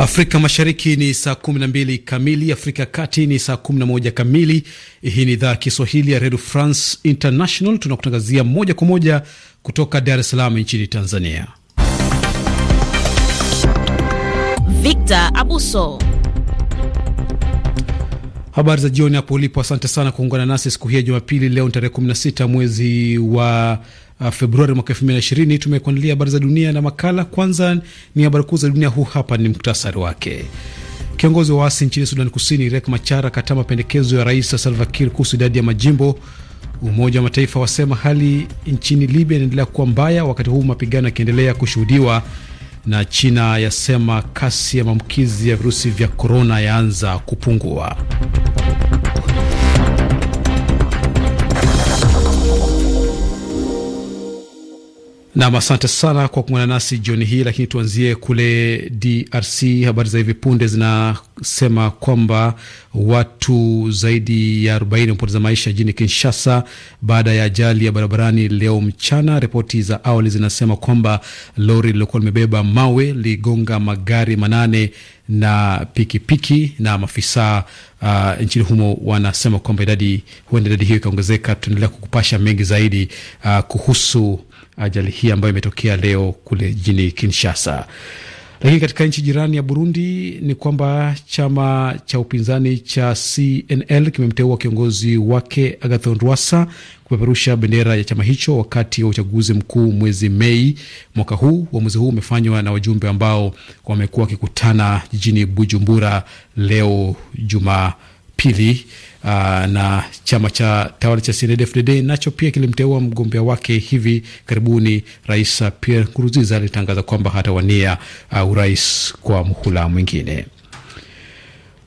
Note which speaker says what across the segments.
Speaker 1: Afrika Mashariki ni saa 12 kamili, Afrika ya Kati ni saa 11 kamili. Hii ni idhaa ya Kiswahili ya Redio France International, tunakutangazia moja kwa moja kutoka Dar es Salaam nchini Tanzania.
Speaker 2: Victor Abuso
Speaker 1: Habari za jioni hapo ulipo. Asante sana kuungana nasi siku hii ya Jumapili. Leo ni tarehe 16 mwezi wa uh, Februari mwaka ishirini. Tumekuandalia habari za dunia na makala. Kwanza ni habari kuu za dunia, huu hapa ni muktasari wake. Kiongozi wa waasi nchini Sudan Kusini Riek Machar akataa mapendekezo ya Rais Salva Kiir kuhusu idadi ya majimbo. Umoja wa Mataifa wasema hali nchini Libya inaendelea kuwa mbaya, wakati huu mapigano yakiendelea kushuhudiwa na China yasema kasi ya maambukizi ya virusi vya korona yaanza kupungua. Nam, asante sana kwa kuungana nasi jioni hii, lakini tuanzie kule DRC. Habari za hivi punde zinasema kwamba watu zaidi ya 40 wamepoteza maisha jijini Kinshasa baada ya ajali ya barabarani leo mchana. Ripoti za awali zinasema kwamba lori lililokuwa limebeba mawe ligonga magari manane na pikipiki piki, na maafisa uh, nchini humo wanasema kwamba idadi huenda idadi hiyo ikaongezeka. tuendelea kukupasha mengi zaidi uh, kuhusu ajali hii ambayo imetokea leo kule jijini Kinshasa. Lakini katika nchi jirani ya Burundi ni kwamba chama cha upinzani cha CNL kimemteua kiongozi wake Agathon Rwasa kupeperusha bendera ya chama hicho wakati wa uchaguzi mkuu mwezi Mei mwaka huu. Uamuzi huu umefanywa na wajumbe ambao wamekuwa wakikutana jijini Bujumbura leo Jumaa pili. Uh, na chama cha tawala cha CNDD-FDD nacho pia kilimteua mgombea wake hivi karibuni, Rais Pierre Nkurunziza alitangaza kwamba hatawania uh, urais kwa muhula mwingine.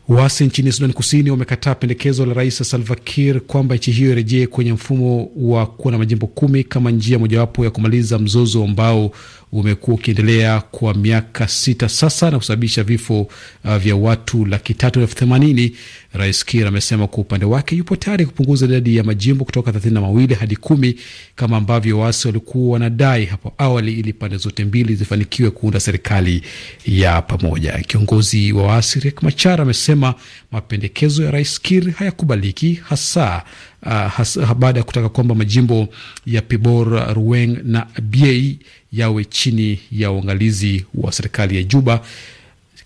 Speaker 1: Waasi nchini Sudan Kusini wamekataa pendekezo la rais Salva Kiir kwamba nchi hiyo irejee kwenye mfumo wa kuwa na majimbo kumi kama njia mojawapo ya kumaliza mzozo ambao umekuwa ukiendelea kwa miaka sita sasa na kusababisha vifo uh, vya watu laki tatu elfu themanini. Rais Kir amesema kwa upande wake yupo tayari kupunguza idadi ya majimbo kutoka thelathini na mawili hadi kumi kama ambavyo waasi walikuwa wanadai hapo awali, ili pande zote mbili zifanikiwe kuunda serikali ya pamoja. Kiongozi wa waasi Riek Machar amesema mapendekezo ya Rais kir hayakubaliki hasa uh, baada ya kutaka kwamba majimbo ya Pibor, Ruweng na Abyei yawe chini ya uangalizi wa serikali ya Juba.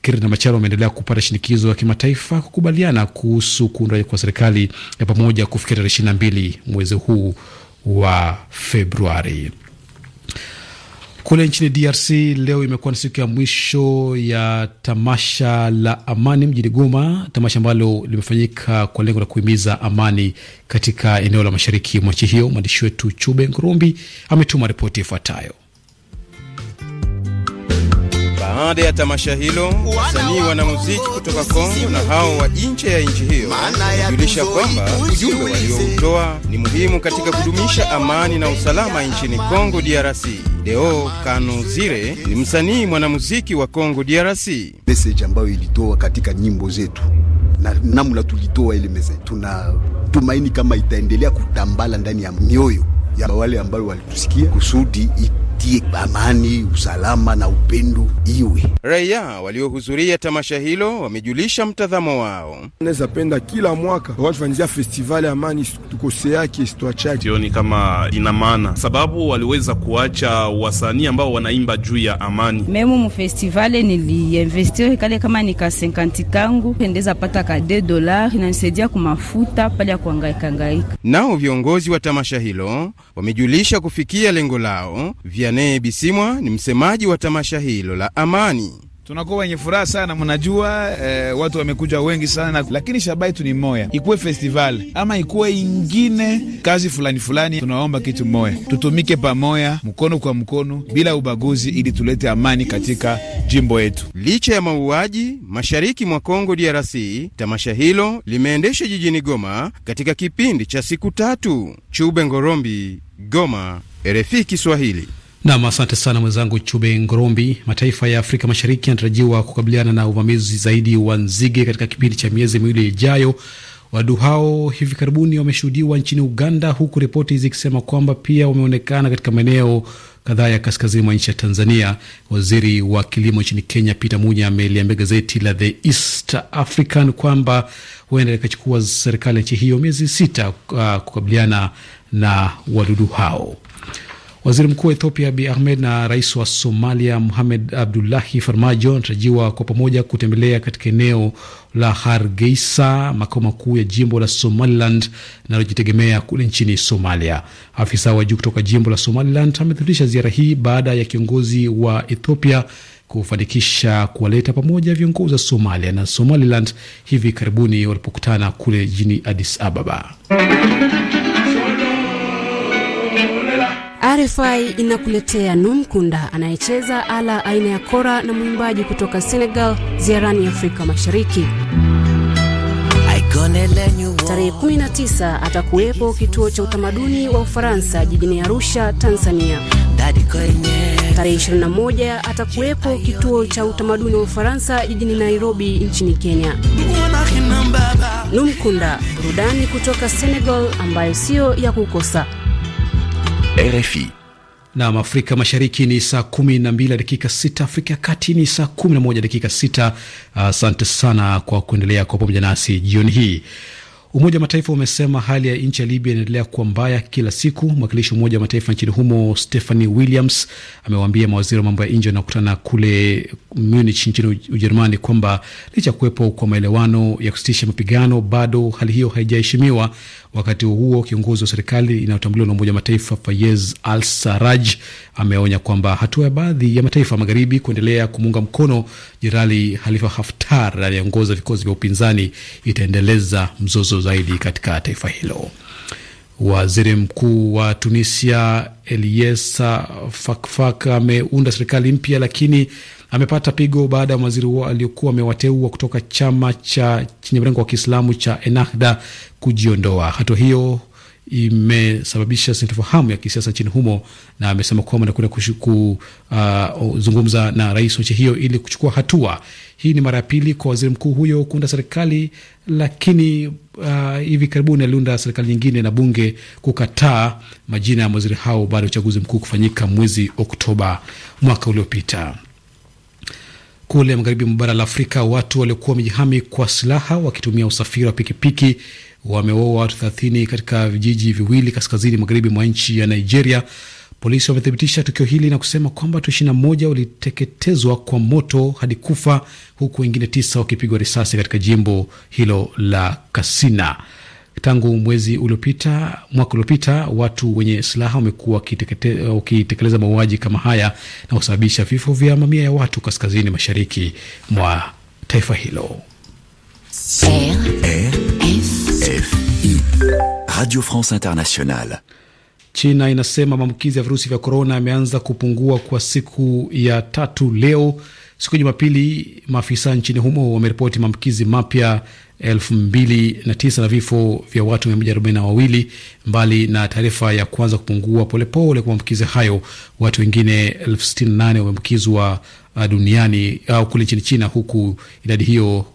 Speaker 1: kiri na Macharo wameendelea kupata shinikizo ya kimataifa kukubaliana kuhusu kuunda kwa serikali ya pamoja kufikia tarehe mbili mwezi huu wa Februari. Kule nchini DRC leo imekuwa ni siku ya mwisho ya tamasha la amani mjini Goma, tamasha ambalo limefanyika kwa lengo la kuhimiza amani katika eneo la mashariki mwa nchi hiyo. Mwandishi wetu Chube Ngurumbi ametuma ripoti ifuatayo.
Speaker 3: Baada ya tamasha hilo, wasanii wanamuziki kutoka Kongo na hao wa nje ya nchi hiyo kujulisha kwamba ujumbe walioutoa ni muhimu katika kudumisha amani na usalama nchini Kongo DRC. Deo Kanozire ni msanii mwanamuziki wa Kongo DRC.
Speaker 4: Message ambayo ilitoa katika nyimbo zetu na namna tulitoa ile message, tumaini kama itaendelea kutambala ndani ya mioyo ya wale ambao walitusikia kusudi tupatie amani, usalama na upendo
Speaker 3: iwe. Raia waliohudhuria tamasha hilo wamejulisha
Speaker 5: mtazamo wao. Naweza penda kila mwaka watufanizia festivali amani, tukoseake isitwachake. Sioni kama ina maana, sababu waliweza kuacha wasanii ambao wanaimba juu ya amani.
Speaker 2: Memu mfestivali niliinvestire kale kama nika senkanti kangu endeza pata ka de dolar inanisaidia kumafuta pale ya kuangaika
Speaker 3: Nao viongozi wa tamasha hilo wamejulisha kufikia lengo lao vya Vianney Bisimwa ni msemaji
Speaker 6: wa tamasha hilo la amani. Tunakuwa wenye furaha sana, mnajua eh, watu wamekuja wengi sana, lakini shabaha yetu ni moya, ikuwe festival ama ikuwe ingine kazi fulani fulani, tunaomba kitu moya, tutumike pamoya, mkono kwa mkono, bila ubaguzi, ili tulete amani katika jimbo yetu. Licha ya mauaji mashariki mwa Kongo DRC,
Speaker 3: tamasha hilo limeendeshwa jijini Goma katika kipindi cha siku tatu. Chube Ngorombi, Goma, RFI Kiswahili.
Speaker 1: Nam, asante sana mwenzangu Chube Ngorombi. Mataifa ya Afrika Mashariki yanatarajiwa kukabiliana na uvamizi zaidi wa nzige katika kipindi cha miezi miwili ijayo. Wadudu hao hivi karibuni wameshuhudiwa nchini Uganda, huku ripoti zikisema kwamba pia wameonekana katika maeneo kadhaa ya kaskazini mwa nchi ya Tanzania. Waziri wa kilimo nchini Kenya, Peter Munya, ameliambia gazeti la The East African kwamba huenda likachukua serikali ya nchi hiyo miezi sita uh, kukabiliana na wadudu hao. Waziri mkuu wa Ethiopia bi Ahmed na rais wa Somalia muhamed Abdullahi Farmajo wanatarajiwa kwa pamoja kutembelea katika eneo la Hargeisa, makao makuu ya jimbo la Somaliland linalojitegemea kule nchini Somalia. Afisa wa juu kutoka jimbo la Somaliland amethibitisha ziara hii baada ya kiongozi wa Ethiopia kufanikisha kuwaleta pamoja viongozi wa Somalia na Somaliland hivi karibuni walipokutana kule jijini Addis Ababa.
Speaker 2: RFI inakuletea Numkunda anayecheza
Speaker 3: ala aina ya kora na mwimbaji kutoka Senegal ziarani Afrika Mashariki. Tarehe 19 atakuwepo kituo cha utamaduni wa Ufaransa jijini Arusha, Tanzania. Tarehe 21 atakuwepo kituo cha utamaduni wa Ufaransa jijini Nairobi nchini Kenya. Numkunda, burudani kutoka Senegal ambayo siyo ya kukosa.
Speaker 1: RFI Na Afrika Mashariki ni saa kumi na mbili dakika sita. Afrika ya Kati ni saa kumi na moja dakika sita. Asante uh, sana kwa kuendelea kwa pamoja nasi jioni hii. Umoja wa Mataifa umesema hali ya nchi ya Libya inaendelea kuwa mbaya kila siku. Mwakilishi wa Umoja wa Mataifa nchini humo Stephanie Williams amewaambia mawaziri wa mambo ya nje wanaokutana kule Munich nchini Ujerumani kwamba licha ya kuwepo kwa maelewano ya kusitisha mapigano, bado hali hiyo haijaheshimiwa. Wakati huo kiongozi wa serikali inayotambuliwa na Umoja wa Mataifa Fayez Al Saraj ameonya kwamba hatua ya baadhi ya mataifa magharibi kuendelea kumuunga mkono Jenerali Halifa Haftar aliyeongoza vikosi vya upinzani itaendeleza mzozo zaidi katika taifa hilo. Waziri mkuu wa Tunisia Eliesa Fakfak ameunda serikali mpya, lakini amepata pigo baada ya waziri huo amewateua kutoka chama cha chenye mrengo wa Kiislamu cha Ennahda kujiondoa. Hatua hiyo imesababisha sintofahamu ya kisiasa nchini humo, na amesema kwamba anakwenda kuzungumza uh, na rais wa nchi hiyo ili kuchukua hatua. Hii ni mara ya pili kwa waziri mkuu huyo kuunda serikali, lakini uh, hivi karibuni aliunda serikali nyingine na bunge kukataa majina ya mawaziri hao baada ya uchaguzi mkuu kufanyika mwezi Oktoba mwaka uliopita. Kule magharibi mwa bara la Afrika, watu waliokuwa wamejihami kwa silaha wakitumia usafiri wa pikipiki wameoa watu 30 katika vijiji viwili kaskazini magharibi mwa nchi ya Nigeria. Polisi wamethibitisha tukio hili na kusema kwamba watu 21 waliteketezwa kwa moto hadi kufa huku wengine tisa wakipigwa risasi katika jimbo hilo la Katsina. Tangu mwezi uliopita mwaka uliopita, watu wenye silaha wamekuwa wakitekeleza mauaji kama haya na kusababisha vifo vya mamia ya watu kaskazini mashariki mwa taifa hilo.
Speaker 2: Radio France Internationale.
Speaker 1: China inasema maambukizi ya virusi vya korona yameanza kupungua kwa siku ya tatu leo. Siku ya Jumapili, maafisa nchini humo wameripoti maambukizi mapya 29 na vifo vya watu 142 mbali na taarifa ya kuanza kupungua polepole kwa maambukizi hayo. Watu wengine 68 wameambukizwa uh, duniani au uh, kule nchini China, huku idadi hiyo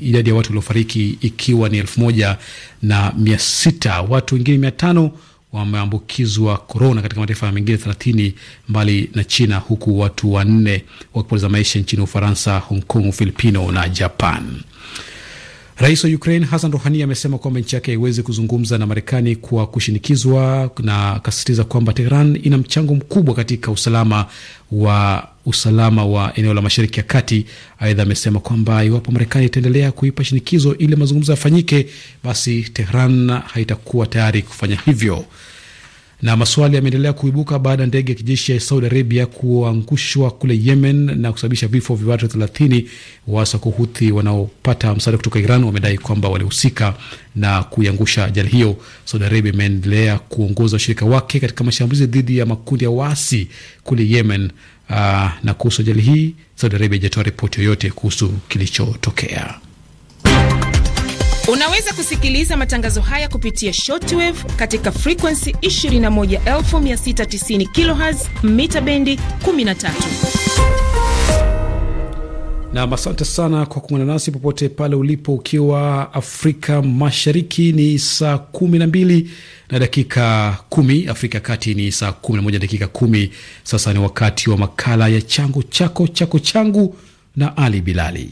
Speaker 1: idadi ya watu waliofariki ikiwa ni elfu moja na mia sita. Watu wengine mia tano wameambukizwa korona katika mataifa mengine 30 mbali na China, huku watu wanne wakipoteza maisha nchini Ufaransa, Hong Kong, Ufilipino na Japan. Rais wa Ukraine Hassan Rohani amesema kwamba nchi yake haiwezi kuzungumza na Marekani kwa kushinikizwa, na akasisitiza kwamba Tehran ina mchango mkubwa katika usalama wa usalama wa eneo la mashariki ya kati. Aidha, amesema kwamba iwapo Marekani itaendelea kuipa shinikizo ili mazungumzo yafanyike, basi Tehran haitakuwa tayari kufanya hivyo. Na maswali yameendelea kuibuka baada ya ndege ya kijeshi ya Saudi Arabia kuangushwa kule Yemen na kusababisha vifo vya watu thelathini. Waasi wa Kuhuthi wanaopata msaada kutoka Iran wamedai kwamba walihusika na kuiangusha ajali hiyo. Saudi Arabia imeendelea kuongoza washirika wake katika mashambulizi dhidi ya makundi ya waasi kule Yemen. Aa, ah, na kuhusu ajali hii Saudi Arabia haijatoa ripoti yoyote kuhusu kilichotokea.
Speaker 3: Unaweza kusikiliza matangazo haya kupitia shortwave katika frequency 21690 kHz mita bendi 13.
Speaker 1: Nam, asante sana kwa kuungana nasi popote pale ulipo, ukiwa Afrika Mashariki ni saa 12 na dakika kumi Afrika ya Kati ni saa 11 na dakika kumi Sasa ni wakati wa makala ya changu chako chako changu na Ali Bilali.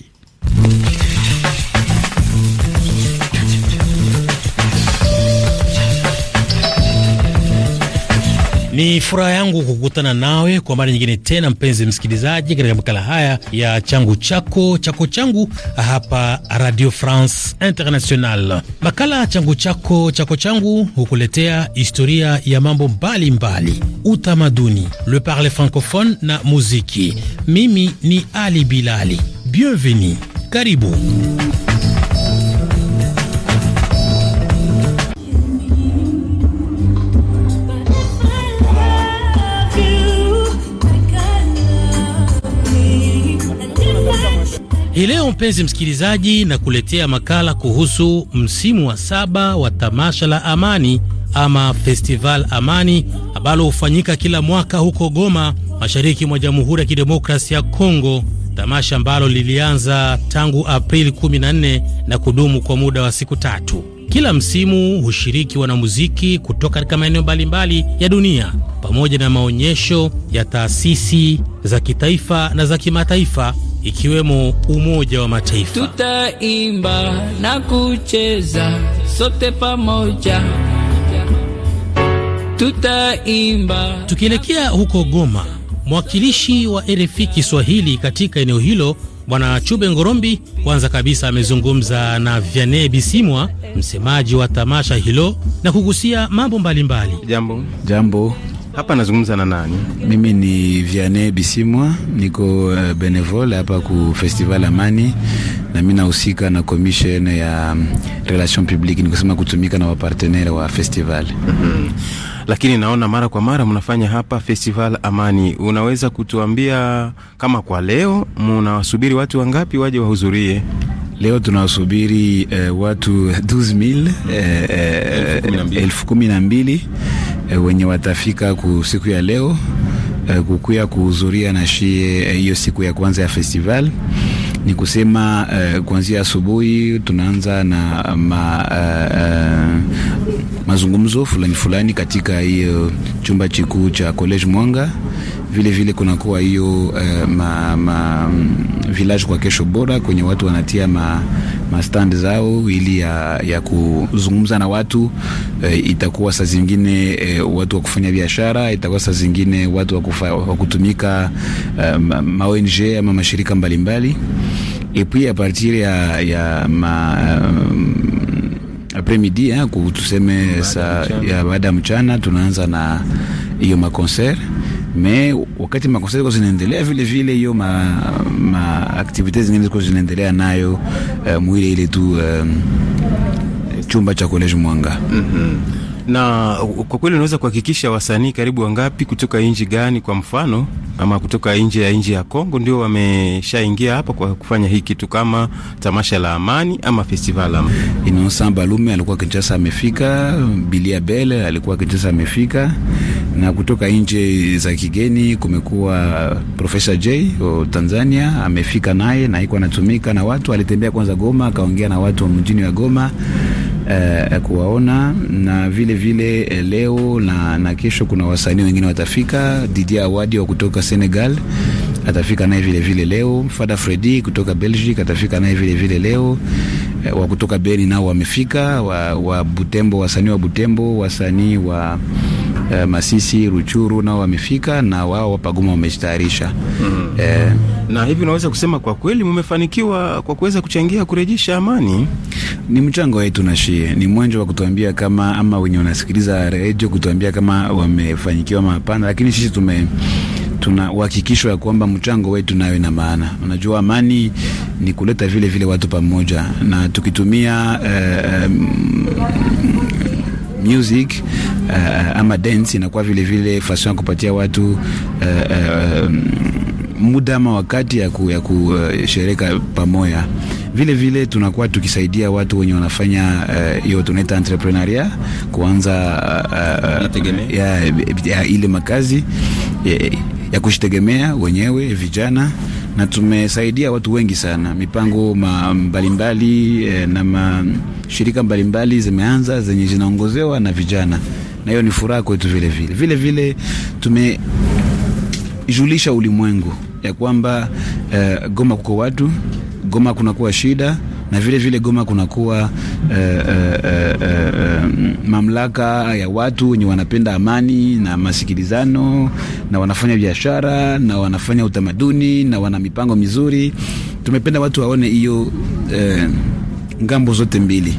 Speaker 7: Ni furaha yangu kukutana nawe kwa mara nyingine tena, mpenzi msikilizaji, katika makala haya ya changu chako chako changu hapa Radio France International. Makala changu chako chako changu hukuletea historia ya mambo mbalimbali mbali, utamaduni, le parle francophone na muziki. Mimi ni Ali Bilali. Bienvenue, karibu. Hii leo mpenzi msikilizaji, na kuletea makala kuhusu msimu wa saba wa tamasha la Amani ama Festival Amani ambalo hufanyika kila mwaka huko Goma, mashariki mwa Jamhuri ya Kidemokrasia ya Kongo, tamasha ambalo lilianza tangu Aprili 14 na kudumu kwa muda wa siku tatu. Kila msimu hushiriki wanamuziki kutoka katika maeneo mbalimbali ya dunia pamoja na maonyesho ya taasisi za kitaifa na za kimataifa ikiwemo Umoja wa Mataifa.
Speaker 2: Tutaimba na kucheza sote pamoja, tutaimba. Tukielekea huko Goma, mwakilishi wa
Speaker 7: RFI Kiswahili katika eneo hilo Bwana Chube Ngorombi kwanza kabisa amezungumza na Vianney Bisimwa, msemaji wa tamasha hilo na kugusia mambo mbalimbali.
Speaker 3: Jambo,
Speaker 6: jambo. Hapa nazungumza na nani? Mimi ni Vianney Bisimwa, niko eh, benevole hapa ku Festival Amani na mimi nahusika na commission ya mm, relation publique, nikosema kutumika na wapartenere wa festival mm -hmm.
Speaker 3: Lakini naona mara kwa mara mnafanya hapa Festival Amani, unaweza kutuambia kama kwa leo mnawasubiri watu wangapi waje wahudhurie?
Speaker 6: Leo tunawasubiri eh, watu 12000 eh, eh, elfu kumi na mbili e, wenye watafika kusiku ya leo e, kukuya kuhudhuria na shie eh, hiyo e, siku ya kwanza ya festival ni kusema e, kuanzia asubuhi tunaanza na ma, uh, uh, mazungumzo fulani fulani katika hiyo chumba chikuu cha College Mwanga vile vile kunakuwa hiyo eh, ma, ma village kwa kesho bora kwenye watu wanatia ma, ma stand zao ili ya, ya kuzungumza na watu eh, itakuwa saa zingine eh, watu wa kufanya biashara, itakuwa saa zingine watu wa, kufa, wa kutumika eh, ma ONG ama mashirika mbalimbali epui a partir ya, ya ma um, eh, apremidi tuseme saa ya baada ya mchana tunaanza na hiyo concert me wakati makosa ziko zinaendelea vile vile, hiyo ma, ma activities zingine ziko zinaendelea nayo uh, eh, mwile ile tu uh, chumba cha college Mwanga.
Speaker 2: mm -hmm
Speaker 6: na
Speaker 3: kwa kweli unaweza kuhakikisha wasanii karibu wangapi kutoka nchi gani, kwa mfano ama kutoka nje ya nchi ya Kongo, ndio wameshaingia hapa kwa kufanya hii kitu kama tamasha la amani
Speaker 6: ama festival ama? Innocent Balume alikuwa Kinshasa amefika, Bilia Bele alikuwa Kinshasa amefika na kutoka nje za kigeni kumekuwa Profesa J wa Tanzania amefika naye na iko anatumika na watu. Alitembea kwanza Goma, akaongea na watu wa mjini wa Goma Uh, kuwaona na vile vile eh, leo na, na kesho kuna wasanii wengine watafika. Didia Awadi wa kutoka Senegal atafika naye vile vile leo. Fada Fredi kutoka Belgique atafika naye vile vile leo. Uh, wa kutoka Beni nao wamefika, wa, wa Butembo, wasanii wa Butembo, wasanii wa eh, Masisi, Ruchuru nao wamefika na wao wapaguma wamejitayarisha mm. eh, na hivi unaweza kusema kwa kweli mmefanikiwa kwa kuweza kuchangia kurejesha amani. Ni mchango wetu na shie ni mwenjo wa kutuambia kama ama wenye wanasikiliza redio kutuambia kama wamefanikiwa mapana, lakini sisi tume tuna uhakikisho ya kwamba mchango wetu nayo ina maana. Unajua, amani ni kuleta vile vile watu pamoja, na tukitumia eh, eh music uh, ama dance inakuwa vile vile fason ya kupatia watu uh, uh, muda ama wakati ya kushereka uh, pamoja. Vile vile tunakuwa tukisaidia watu wenye wanafanya hiyo uh, tunaita entrepreneuria kuanza uh, uh, ya, ya ile makazi ya, ya kushitegemea wenyewe vijana na tumesaidia watu wengi sana. Mipango mbalimbali e, na mashirika mbalimbali zimeanza zenye zinaongozewa na vijana, na hiyo ni furaha kwetu. Vile vile vile vile tumejulisha ulimwengu ya kwamba e, Goma kuko watu Goma kunakuwa shida na vile vile Goma kunakuwa Eh, eh, eh, mamlaka ya watu wenye wanapenda amani na masikilizano na wanafanya biashara na wanafanya utamaduni na wana mipango mizuri. Tumependa watu waone hiyo eh, ngambo zote mbili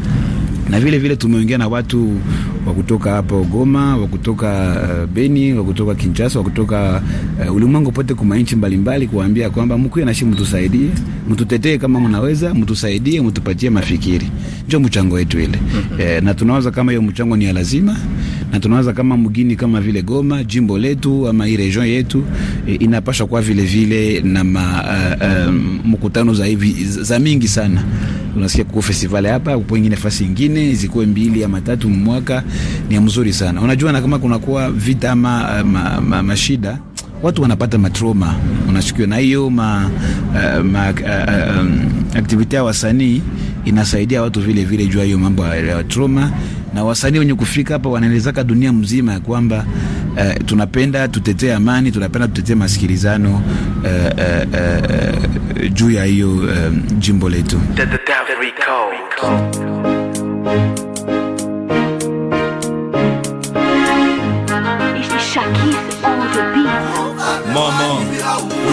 Speaker 6: na vile vile tumeongea na watu wa kutoka hapa Goma, wa kutoka eh, Beni, wa kutoka Kinshasa, wa kutoka uh, ulimwengu pote kwa nchi mbalimbali, kuambia kwamba mkuu nashi, mtusaidie, mtutetee kama mnaweza, mtusaidie, mtupatie mafikiri, ndio mchango wetu ile. E, na tunawaza kama hiyo mchango ni ya lazima na tunawaza kama mgini kama vile Goma, jimbo letu ama hii region yetu e, inapasha kwa vile vile na ma, uh, uh, mkutano za hivi za mingi sana. Unasikia kwa festival hapa kwa nyingine nafasi nyingine zikuwe mbili ama tatu mwaka, ni mzuri sana. Unajua na kama kuna kuwa vita ama uh, ma, ma, mashida watu wanapata matroma, unasikia na hiyo ma, uh, ma uh, um, activity ya wasanii inasaidia watu vile vile jua hiyo mambo ya trauma na wasanii wenye kufika hapa wanaelezaka dunia mzima ya kwamba uh, tunapenda tutetee amani, tunapenda tutetee masikilizano uh, uh, uh, juu ya hiyo uh, jimbo letu.
Speaker 8: Mama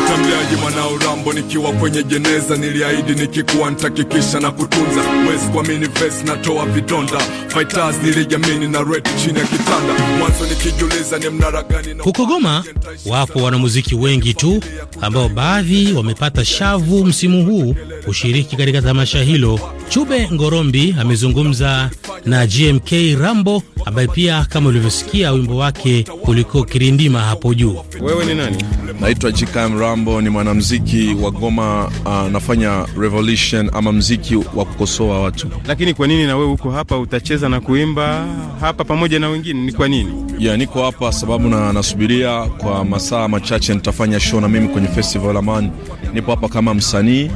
Speaker 5: mtambiaji mwanao Rambo nikiwa kwenye jeneza, niliahidi nikikuwa ntakikisha na kutunza. Wezi kuamini vesi natoa vidonda, fighters niligamini na red chini ya kitanda, mwanzo nikijuliza ni mnara gani.
Speaker 7: Huko Goma wapo wanamuziki wengi tu ambao baadhi wamepata shavu msimu huu kushiriki katika tamasha hilo. Chube Ngorombi amezungumza na GMK Rambo ambaye pia kama ulivyosikia wimbo wake ulikuwa kirindima hapo juu.
Speaker 5: Wewe ni nani? Naitwa Jikam Rambo, ni mwanamziki wa Goma. Uh, nafanya revolution ama mziki wa kukosoa watu.
Speaker 3: Lakini kwa nini na wewe uko hapa, utacheza na kuimba hapa pamoja na wengine, ni kwa nini?
Speaker 5: Yeah, niko hapa sababu na nasubiria kwa masaa machache nitafanya show na mimi kwenye Festival aman Nipo hapa kama msanii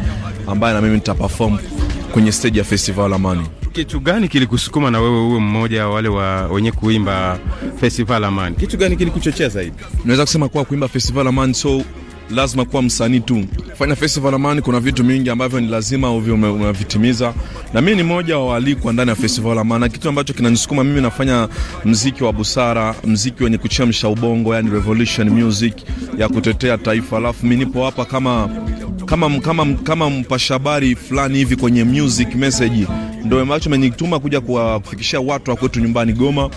Speaker 5: ambaye na mimi nitaperform kwenye stage ya Festival Amani
Speaker 3: kitu gani kilikusukuma na wewe uwe mmoja wa wale wa wenye kuimba
Speaker 5: Festival Amani? Kitu gani kilikuchochea zaidi? Naweza kusema kwa kuimba Festival Amani, so lazima kuwa msanii tu. Fanya Festival Amani, kuna vitu mingi ambavyo ni lazima uvyo unavitimiza, na mimi ni mmoja wa waalikwa ndani ya Festival Amani, na kitu ambacho kinanisukuma mimi, nafanya mziki wa busara, mziki wenye kuchemsha ubongo, yani revolution music ya kutetea taifa, alafu mimi nipo hapa kama kama, kama, kama mpasha habari fulani hivi kwenye music message, ndio ambacho amenituma kuja kuwafikishia watu wa kwetu nyumbani Goma,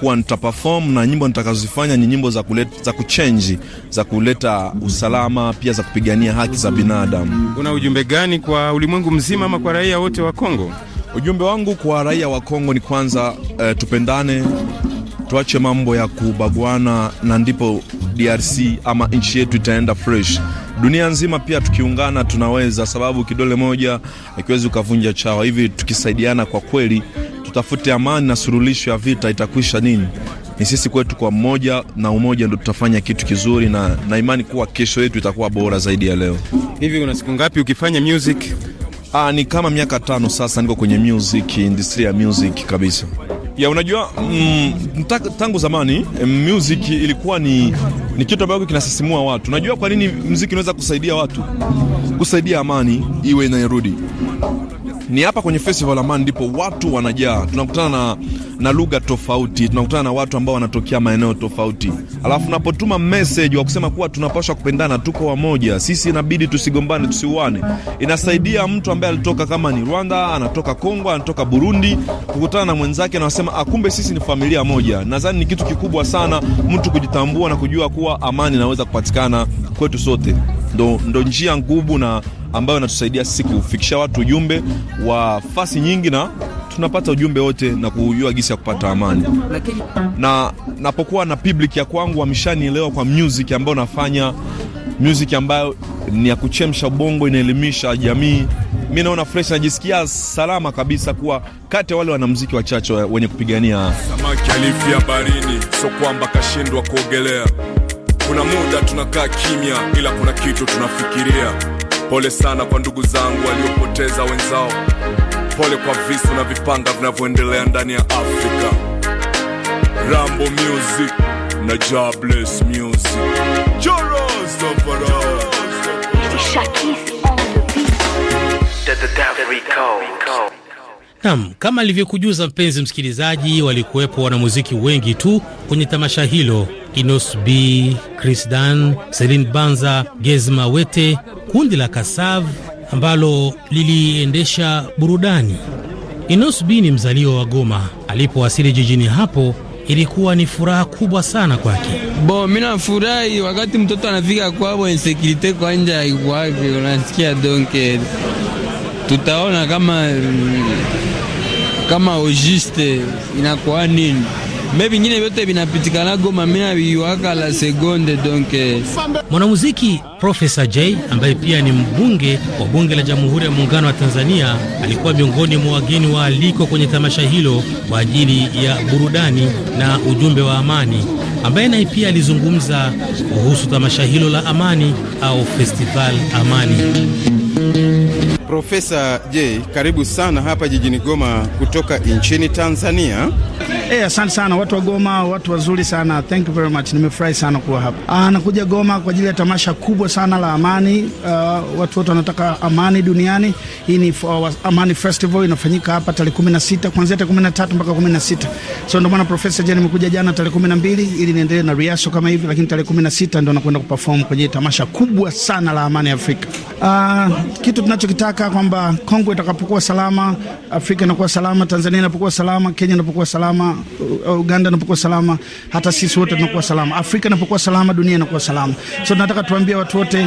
Speaker 5: kuwa nitaperform na nyimbo nitakazozifanya ni nyimbo za kuleta, za kuchange za kuleta usalama, pia za kupigania haki za binadamu. Una ujumbe gani kwa ulimwengu mzima ama kwa raia wote wa Kongo? Ujumbe wangu kwa raia wa Kongo ni kwanza, eh, tupendane tuache mambo ya kubagwana, na ndipo DRC ama nchi yetu itaenda fresh. Dunia nzima pia tukiungana tunaweza, sababu kidole moja akiwezi ukavunja chawa. Hivi tukisaidiana kwa kweli, tutafute amani na suluhisho ya vita, itakwisha nini? Ni sisi kwetu kwa mmoja na umoja, ndo tutafanya kitu kizuri, na, na imani kuwa kesho yetu itakuwa bora zaidi ya leo. Hivi una siku ngapi ukifanya music? Aa, ah, ni kama miaka tano sasa niko kwenye music industry ya music kabisa ya unajua mm, tangu zamani eh, music ilikuwa ni, ni kitu ambacho kinasisimua watu. Unajua kwa nini muziki unaweza kusaidia watu? Kusaidia amani iwe inarudi ni hapa kwenye festival amani ndipo watu wanajaa, tunakutana na, na lugha tofauti, tunakutana na watu ambao wanatokea maeneo tofauti, alafu napotuma message wa kusema kuwa tunapaswa kupendana, tuko wamoja sisi, inabidi tusigombane, tusiuane. Inasaidia mtu ambaye alitoka kama ni Rwanda, anatoka Kongo, anatoka Burundi, kukutana na mwenzake na wasema akumbe ah, sisi ni familia moja. Nadhani ni kitu kikubwa sana mtu kujitambua na kujua kuwa amani inaweza kupatikana kwetu sote ndo, ndo njia ngumu na ambayo inatusaidia sisi kufikisha watu ujumbe wa fasi nyingi na tunapata ujumbe wote na kujua gisi ya kupata amani. Na napokuwa na public ya kwangu wameshanielewa kwa music ambayo nafanya, music ambayo ni ya kuchemsha ubongo, inaelimisha jamii. Mi naona fresh, najisikia salama kabisa kuwa kati ya wale wanamuziki wachache wenye kupigania. Samaki alifia barini, sio kwamba kashindwa kuogelea kuna muda tunakaa kimya ila kuna kitu tunafikiria pole sana kwa ndugu zangu waliopoteza wenzao pole kwa visu na vipanga vinavyoendelea ndani ya afrika rambo music na jobless music Joros of
Speaker 7: kama alivyokujuza mpenzi msikilizaji, walikuwepo wanamuziki wengi tu kwenye tamasha hilo Inos B, Chris Dan, Celine Banza, Gezma Wete, kundi la Kasav ambalo liliendesha burudani. Inos B ni mzaliwa wa Goma. Alipowasili jijini hapo ilikuwa ni furaha kubwa sana kwake.
Speaker 2: Bo, mimi nafurahi wakati mtoto anafika kwao, insecurity kwa nje haikwake, unasikia donke. Tutaona kama kama ojiste inakuwa nini me vingine vyote vinapitikana Goma mea viwaka la segonde donke. Eh. Mwanamuziki Profesa
Speaker 7: J ambaye pia ni mbunge wa bunge la Jamhuri ya Muungano wa Tanzania alikuwa miongoni mwa wageni waalikwa kwenye tamasha hilo kwa ajili ya burudani na ujumbe wa amani, ambaye naye pia alizungumza kuhusu tamasha hilo la amani au festival amani.
Speaker 3: Profesa J, karibu sana hapa jijini Goma kutoka nchini Tanzania.
Speaker 9: Hey, eh, asante sana watu wa Goma, watu wazuri sana. Thank you very much. Nimefurahi sana kuwa hapa. Ah, nakuja Goma kwa ajili ya tamasha kubwa sana la amani. Uh, watu wote wanataka amani duniani. Hii ni uh, Amani Festival inafanyika hapa tarehe 16 kuanzia tarehe 13 mpaka 16. So ndio maana Profesa J nimekuja jana tarehe 12 ili niendelee na riaso kama hivi, lakini tarehe 16 ndio nakwenda kuperform kwenye tamasha kubwa sana la amani Afrika. Ah, kitu tunachokitaka shaka kwamba Kongo itakapokuwa salama, Afrika inakuwa salama, Tanzania inapokuwa salama, Kenya inapokuwa salama, uh, Uganda inapokuwa salama, hata sisi wote tunakuwa salama. Afrika inapokuwa salama, dunia inakuwa salama. So nataka tuambie watu wote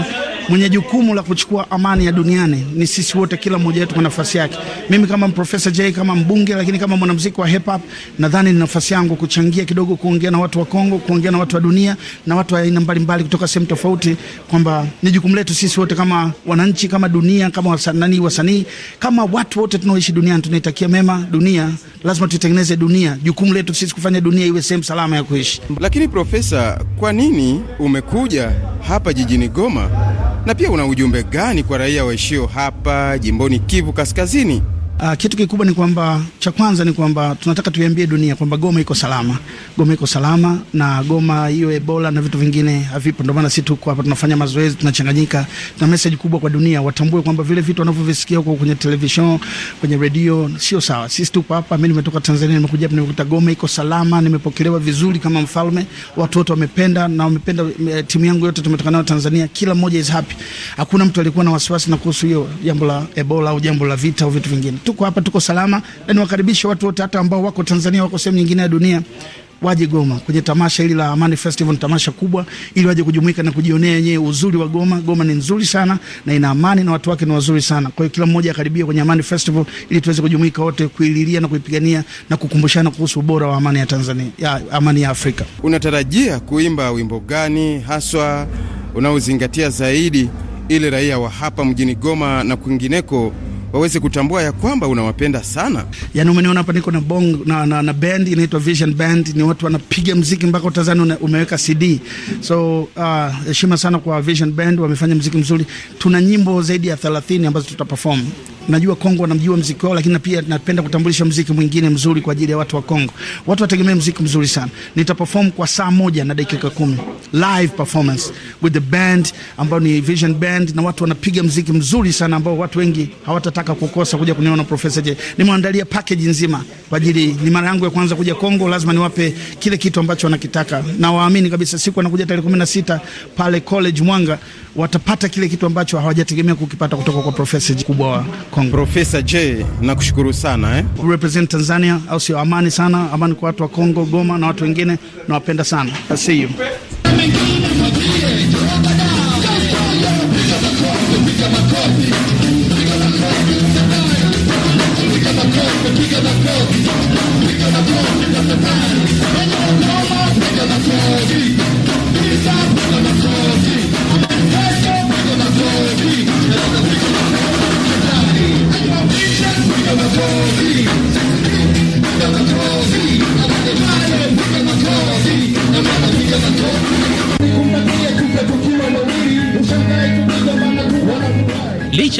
Speaker 9: mwenye jukumu la kuchukua amani ya duniani ni sisi wote, kila mmoja wetu kwa nafasi yake. Mimi kama Profesa J kama mbunge, lakini kama mwanamuziki wa hip hop, nadhani ni nafasi yangu kuchangia kidogo, kuongea na watu wa Kongo, kuongea na watu wa dunia na watu wa aina mbalimbali kutoka sehemu tofauti, kwamba ni jukumu letu sisi wote kama wananchi, kama dunia, kama wasanii nani wasanii kama watu wote tunaoishi duniani tunaitakia mema dunia, lazima tuitengeneze dunia. Jukumu letu sisi kufanya dunia iwe sehemu salama ya kuishi. Lakini Profesa, kwa nini umekuja hapa jijini Goma
Speaker 3: na pia una ujumbe gani kwa raia waishio hapa jimboni Kivu Kaskazini?
Speaker 9: Uh, kitu kikubwa ni kwamba cha kwanza ni kwamba tunataka tuiambie dunia kwamba Goma iko salama. Goma iko salama na Goma hiyo Ebola na vitu vingine havipo. Ndio maana sisi tuko hapa tunafanya mazoezi, tunachanganyika na message kubwa kwa dunia, watambue kwamba vile vitu wanavyovisikia huko kwenye television, kwenye radio sio sawa. Sisi tuko hapa, mimi nimetoka Tanzania, nimekuja hapa, nimekuta Goma iko salama, nimepokelewa vizuri kama mfalme, watu wote wamependa na wamependa eh, timu yangu yote tumetoka nayo Tanzania, kila mmoja is happy. Hakuna mtu alikuwa na wasiwasi na kuhusu hiyo jambo la Ebola au jambo la vita au vitu vingine tuko hapa, tuko salama, na niwakaribishe watu wote hata ambao wako Tanzania, wako sehemu nyingine ya dunia waje Goma kwenye tamasha hili la Amani Festival. Ni tamasha kubwa, ili waje kujumuika na kujionea wenyewe uzuri wa Goma. Goma ni nzuri sana na ina amani na watu wake ni wazuri sana. Kwa hiyo kila mmoja akaribie kwenye Amani Festival ili tuweze kujumuika wote kuililia na kuipigania na kukumbushana kuhusu ubora wa amani ya Tanzania, ya amani ya Afrika.
Speaker 3: Unatarajia kuimba wimbo gani haswa unaozingatia zaidi ili raia wa hapa mjini Goma na kwingineko waweze kutambua ya kwamba unawapenda
Speaker 9: sana. yani umeniona hapa niko na bong na, na, na band inaitwa Vision Band, ni watu wanapiga mziki mpaka utazani umeweka CD. So ah, heshima uh, sana kwa Vision Band, wamefanya mziki mzuri. Tuna nyimbo zaidi ya 30 ambazo tutaperform najua Kongo wanamjua mziki wao, lakini pia napenda kutambulisha mziki mwingine mzuri kwa ajili ya watu wa Kongo. Watu wategemee mziki mzuri sana. Nita perform kwa saa moja na dakika kumi live performance with the band ambao ni Vision Band, na watu wanapiga mziki mzuri sana ambao watu wengi hawatataka kukosa kuja kuniona. Professor J nimeandalia package nzima kwa ajili, ni mara yangu ya kwanza kuja Kongo, lazima niwape kile kitu ambacho wanakitaka, na waamini kabisa siku anakuja tarehe 16 pale college Mwanga watapata kile kitu ambacho hawajategemea kukipata kutoka kwa Professor J kubwa wa Kongo. Kongo. Profesa J, nakushukuru sana eh. Represent Tanzania au sio? Amani sana, amani kwa watu wa Kongo, Goma na watu wengine, nawapenda sana. See you.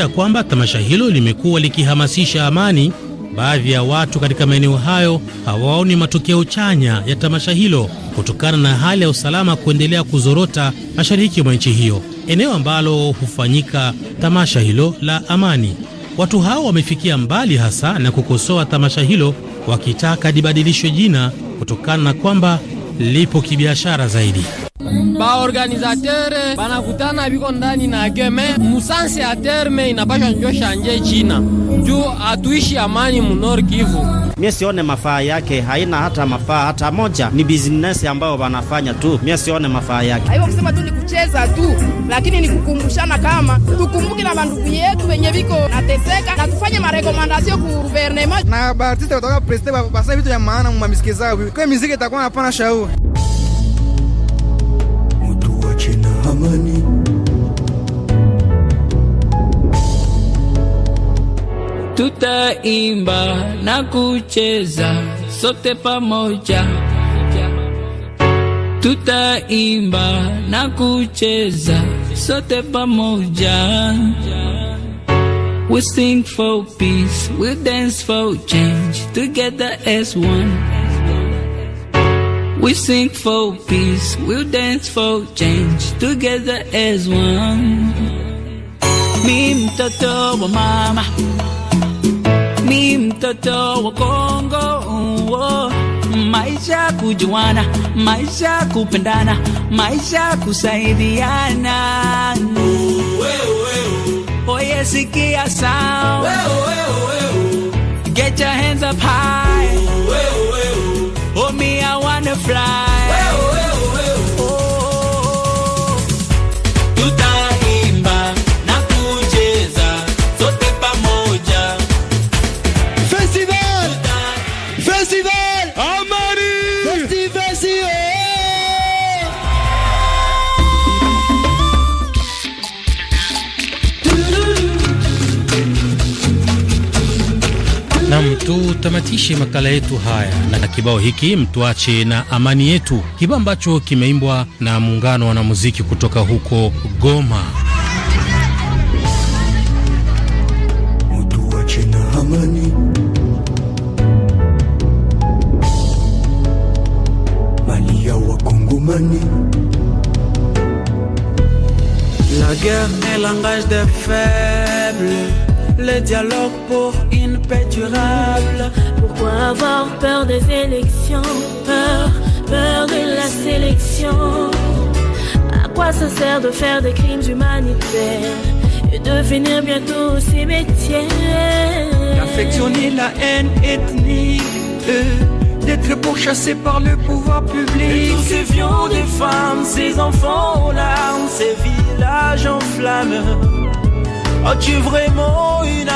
Speaker 7: ya kwamba tamasha hilo limekuwa likihamasisha amani, baadhi ya watu katika maeneo hayo hawaoni matokeo chanya ya tamasha hilo kutokana na hali ya usalama kuendelea kuzorota mashariki mwa nchi hiyo, eneo ambalo hufanyika tamasha hilo la amani. Watu hao wamefikia mbali hasa na kukosoa tamasha hilo, wakitaka libadilishwe jina kutokana na kwamba lipo kibiashara zaidi ba organizateur banakutana biko ndani na geme musanse ya terme inapasha njosha nje China juu atuishi amani
Speaker 2: munor Kivu.
Speaker 7: Mie sione mafaa yake, haina hata mafaa hata moja. Ni bizinesi ambayo wanafanya tu, mie sione mafaa yake.
Speaker 2: Hivyo kusema tu ni kucheza tu, lakini ni kukumbushana kama tukumbuke na bandugu yetu wenye viko nateseka na tufanye marekomandasio ku guvernema
Speaker 9: na batista kutoka preside basa vitu ya maana mumamisikizawi kwe miziki itakuwa napana shauri
Speaker 2: tutaimba na kucheza sote pamoja, tutaimba na kucheza sote pamoja. We'll sing for peace, we'll dance for change, together as one. We sing for peace, we'll dance for change, together as one. Mi mtoto wa mama mi mtoto wa Kongo oh, maisha kujuana, maisha kupendana, maisha kusaidiana oye, sikia sound. get your hands up high oh me I wanna fly
Speaker 7: tutamatishe makala yetu haya na kibao hiki mtuache na amani yetu, kibao ambacho kimeimbwa na muungano wa muziki kutoka huko Goma. Mtuache na amani,
Speaker 3: mali ya Wakongomani.
Speaker 2: La guerre est langage des faibles le dialogue pour une paix durable. Pourquoi avoir peur des élections Peur, peur de la sélection. À quoi ça sert de faire des crimes humanitaires et de finir bientôt ces métiers D'affectionner la haine ethnique. Euh, d'être pourchassé par le pouvoir public. Et tous ces vions des femmes, ces enfants aux larmes, ces villages en flammes. As-tu vraiment une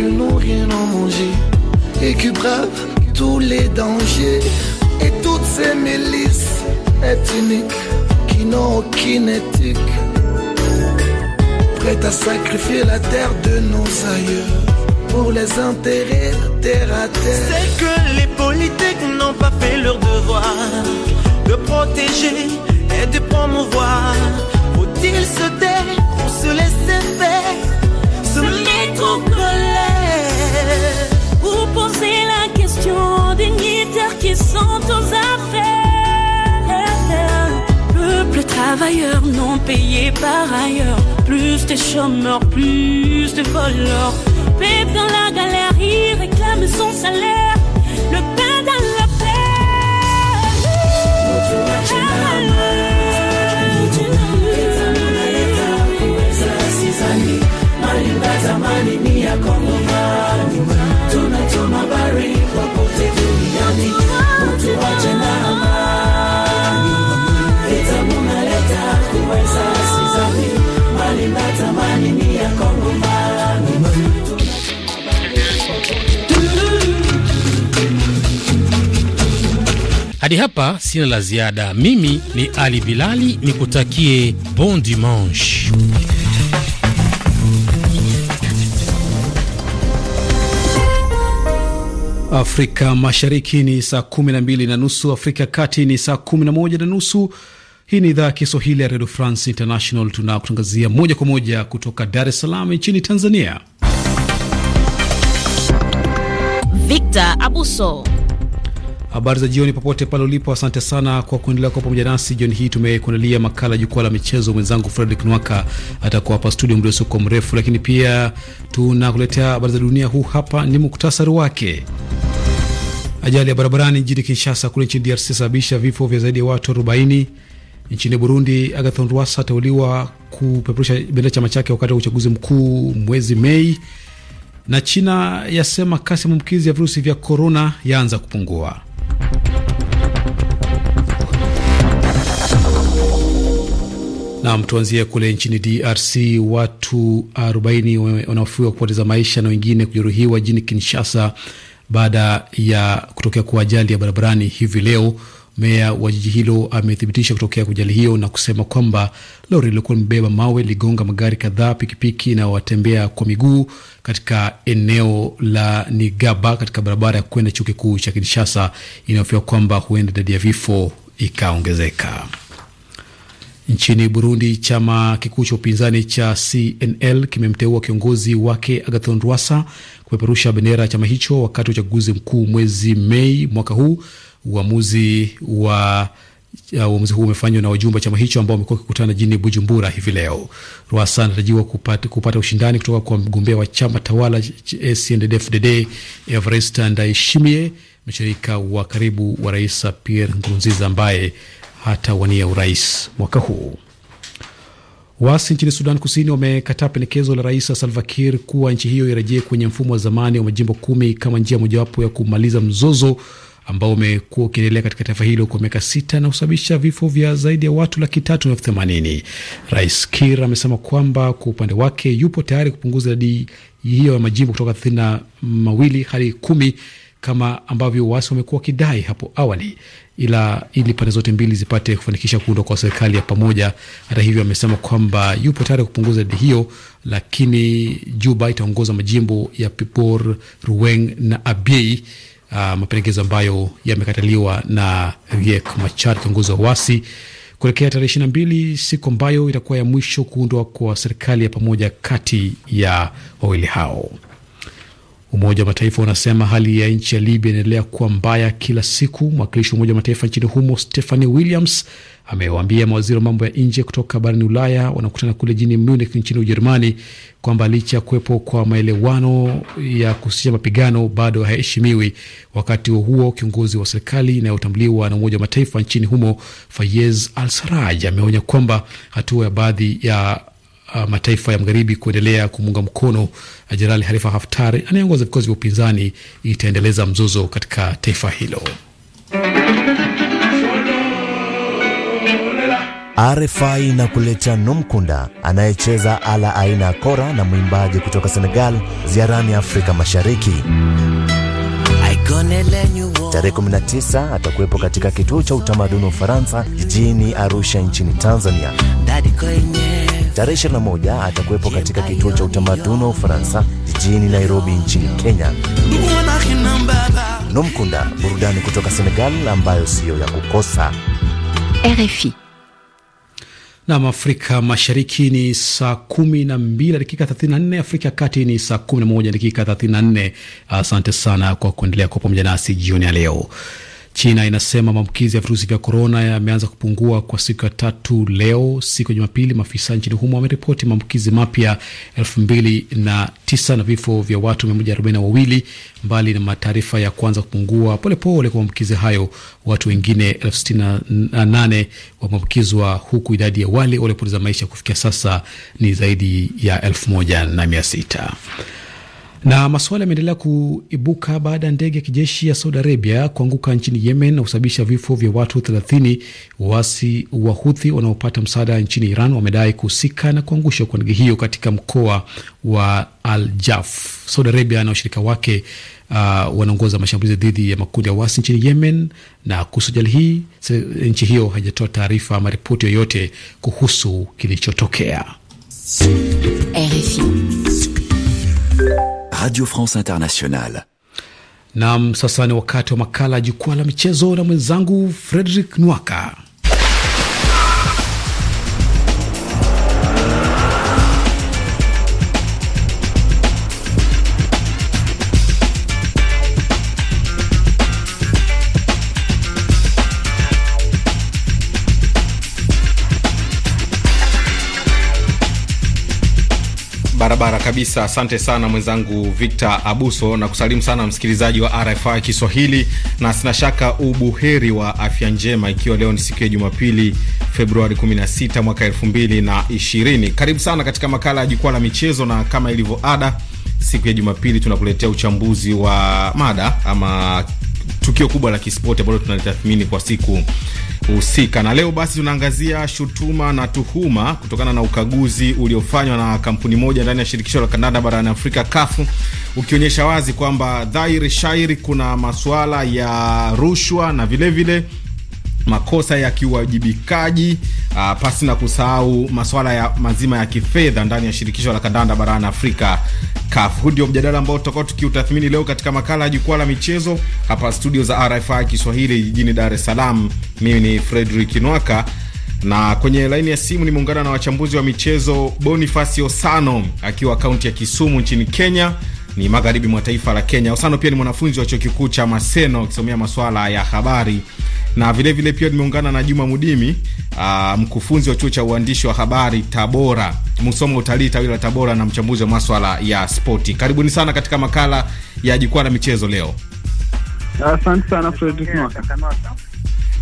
Speaker 8: que n'ont rien à manger et qui brave tous les dangers. Et toutes ces milices ethniques qui
Speaker 2: n'ont aucune éthique, prête à sacrifier la terre de
Speaker 6: nos aïeux pour les intérêts terre à terre. C'est que les
Speaker 2: politiques n'ont pas fait leur devoir de protéger et de promouvoir. Faut-il se taire Pour se laisser faire, se mettre au des militaires qui sont aux affaires. Peuple travailleur non payé par ailleurs. Plus de chômeurs, plus de voleurs. Pép dans la galère, il réclame son salaire. Le pain dans la paix.
Speaker 7: Hadi hapa sina la ziada. Mimi ni Ali Bilali, nikutakie bon dimanche. Afrika Mashariki
Speaker 1: ni saa 12 na nusu, Afrika ya Kati ni saa 11 na nusu. Hii ni idhaa ya Kiswahili ya Redio France International. Tunakutangazia moja kwa moja kutoka Dar es Salaam nchini Tanzania.
Speaker 2: Victor Abuso
Speaker 1: Habari za jioni popote pale ulipo, asante sana kwa kuendelea kuwa pamoja nasi jioni hii. Tumekuandalia makala jukwaa la michezo. Mwenzangu Fredrick Nwaka atakuwa hapa studio muda usio mrefu, lakini pia tunakuletea habari za dunia. Huu hapa ni muktasari wake. Ajali ya barabarani jijini Kinshasa kule nchini DRC sababisha vifo vya zaidi ya watu 40. Nchini Burundi, Agathon Rwasa ateuliwa kupeperusha bendera chama chake wakati wa uchaguzi mkuu mwezi Mei. Na China yasema kasi ya maambukizi ya virusi vya korona yaanza kupungua. Nam, tuanzie kule nchini DRC. Watu 40 wanaofiwa kupoteza maisha na wengine kujeruhiwa jini Kinshasa baada ya kutokea kwa ajali ya barabarani hivi leo. Meya wa jiji hilo amethibitisha kutokea kwa ajali hiyo na kusema kwamba lori lilikuwa limebeba mawe ligonga magari kadhaa, pikipiki na watembea kwa miguu katika eneo la Nigaba katika barabara ya kwenda chuo kikuu cha Kinshasa. Inayofiwa kwamba huenda idadi ya vifo ikaongezeka. Nchini Burundi, chama kikuu cha upinzani cha CNL kimemteua kiongozi wake Agathon Rwasa kupeperusha bendera ya chama hicho wakati wa uchaguzi mkuu mwezi Mei mwaka huu. Uamuzi wa uamuzi huu umefanywa na wajumbe wa chama hicho ambao wamekuwa wakikutana jijini Bujumbura hivi leo. Rwasa anatarajiwa kupata, kupata ushindani kutoka kwa mgombea wa chama tawala CNDD-FDD Evariste Ndayishimiye, mshirika wa karibu wa rais Pierre Nkurunziza ambaye wania urais mwaka huu. Waasi nchini Sudan Kusini wamekataa pendekezo la rais Salva Kiir kuwa nchi hiyo irejee kwenye mfumo wa zamani wa majimbo kumi kama njia mojawapo ya kumaliza mzozo ambao umekuwa ukiendelea katika taifa hilo kwa miaka sita na kusababisha vifo vya zaidi ya watu laki tatu na elfu themanini. Rais Kiir amesema kwamba kwa upande wake yupo tayari kupunguza idadi hiyo ya majimbo kutoka thelathini na mawili hadi kumi kama ambavyo waasi wamekuwa wakidai hapo awali ila ili pande zote mbili zipate kufanikisha kuundwa kwa serikali ya pamoja. Hata hivyo, amesema kwamba yupo tayari kupunguza idadi hiyo, lakini Juba itaongoza majimbo ya Pibor, Ruweng na Abyei, uh, mapendekezo ambayo yamekataliwa na Riek Machar, kiongozi wa wasi kuelekea tarehe ishirini na mbili, siku ambayo itakuwa ya mwisho kuundwa kwa serikali ya pamoja kati ya wawili hao. Umoja wa Mataifa unasema hali ya nchi ya Libya inaendelea kuwa mbaya kila siku. Mwakilishi wa Umoja wa Mataifa nchini humo Stephanie Williams amewaambia mawaziri wa mambo ya nje kutoka barani Ulaya wanakutana kule jini Munich nchini Ujerumani kwamba licha ya kuwepo kwa maelewano ya kusitisha mapigano bado hayaheshimiwi. Wakati huo huo, kiongozi wa serikali inayotambuliwa na Umoja wa Mataifa nchini humo Fayez Al Saraj ameonya kwamba hatua ya baadhi ya uh, mataifa ya magharibi kuendelea kumuunga mkono uh, Jenerali Halifa Haftar anayeongoza vikosi vya upinzani itaendeleza mzozo katika taifa hilo.
Speaker 3: RFI na kuletea Nomkunda anayecheza ala aina ya kora na mwimbaji kutoka Senegal ziarani Afrika Mashariki. Tarehe 19 atakuwepo katika kituo cha utamaduni wa Ufaransa jijini Arusha nchini Tanzania. Tarehe 21 atakuwepo katika kituo cha utamaduni wa Ufaransa
Speaker 4: jijini Nairobi nchini Kenya. Nomkunda, burudani kutoka Senegal ambayo siyo ya kukosa.
Speaker 1: RFI nam Afrika Mashariki ni saa kumi na mbili dakika 34, Afrika ya Kati ni saa 11 dakika 34. Asante sana kwa kuendelea kuwa pamoja nasi jioni ya leo. China inasema maambukizi ya virusi vya korona yameanza kupungua kwa siku ya tatu leo. Siku ya Jumapili, maafisa nchini humo wameripoti maambukizi mapya elfu mbili na tisa na vifo vya watu mia moja arobaini na wawili mbali na mataarifa ya kuanza kupungua polepole kwa maambukizi hayo. Watu wengine elfu sitini na nane wameambukizwa huku idadi ya wale waliopoteza maisha kufikia sasa ni zaidi ya elfu moja na mia sita. Na masuala yameendelea kuibuka baada ya ndege ya kijeshi ya Saudi Arabia kuanguka nchini Yemen na kusababisha vifo vya watu 30. Waasi wa Huthi wanaopata msaada nchini Iran wamedai kuhusika na kuangushwa kwa ndege hiyo katika mkoa wa Al Jaf. Saudi Arabia na washirika wake uh, wanaongoza mashambulizi dhidi ya makundi ya waasi nchini Yemen, na kuhusu ajali hii nchi hiyo haijatoa taarifa ama ripoti yoyote kuhusu kilichotokea.
Speaker 2: RFI Radio France Internationale.
Speaker 1: Naam, sasa ni wakati wa makala ya jukwaa la michezo na mwenzangu Frederick Nwaka.
Speaker 4: barabara kabisa. Asante sana mwenzangu Victor Abuso, na kusalimu sana msikilizaji wa RFI Kiswahili, na sina shaka ubuheri wa afya njema, ikiwa leo ni siku ya Jumapili, Februari 16 mwaka 2020. Karibu sana katika makala ya jukwaa la michezo, na kama ilivyo ada, siku ya Jumapili tunakuletea uchambuzi wa mada ama tukio kubwa la kispoti ambalo tunalitathmini kwa siku husika. Na leo basi tunaangazia shutuma na tuhuma kutokana na ukaguzi uliofanywa na kampuni moja ndani ya shirikisho la kandanda barani Afrika kafu ukionyesha wazi kwamba dhahiri shairi kuna masuala ya rushwa na vilevile vile, makosa ya kiuwajibikaji uh, ah, pasi na kusahau masuala ya mazima ya kifedha ndani ya shirikisho la kandanda barani Afrika CAF. Huu ndio mjadala ambao tutakuwa tukiutathmini leo katika makala ya jukwaa la michezo hapa studio za RFI Kiswahili jijini Dar es Salaam. Mimi ni Fredrick Nwaka na kwenye laini ya simu nimeungana na wachambuzi wa michezo Boniface Osano akiwa kaunti ya Kisumu nchini Kenya ni magharibi mwa taifa la Kenya. Osano pia ni mwanafunzi wa chuo kikuu cha Maseno akisomea masuala ya habari na vilevile vile pia nimeungana na Juma Mudimi uh, mkufunzi wa chuo cha uandishi wa habari Tabora, msomo utalii tawi la Tabora na mchambuzi wa maswala ya spoti. Karibuni sana katika makala ya jukwaa la michezo leo.
Speaker 10: Asante sana Fredrick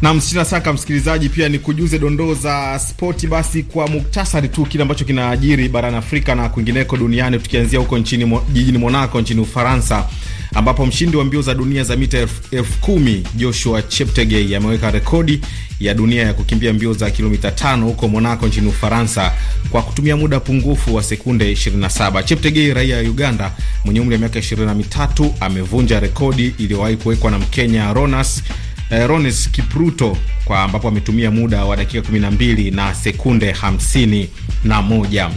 Speaker 4: na msina saka msikilizaji, pia ni kujuze dondoo za spoti basi kwa muktasari tu kile ambacho kinaajiri barani Afrika na kwingineko duniani, tukianzia huko nchini jijini Monaco nchini Ufaransa ambapo mshindi wa mbio za dunia za mita elfu kumi Joshua Cheptegei ameweka rekodi ya dunia ya kukimbia mbio za kilomita tano huko Monaco nchini Ufaransa kwa kutumia muda pungufu wa sekunde 27. Cheptegei raia ya Uganda mwenye umri wa miaka 23 amevunja rekodi iliyowahi kuwekwa na Mkenya Ronas eh, Rones Kipruto kwa ambapo ametumia muda wa dakika 12 na sekunde 51.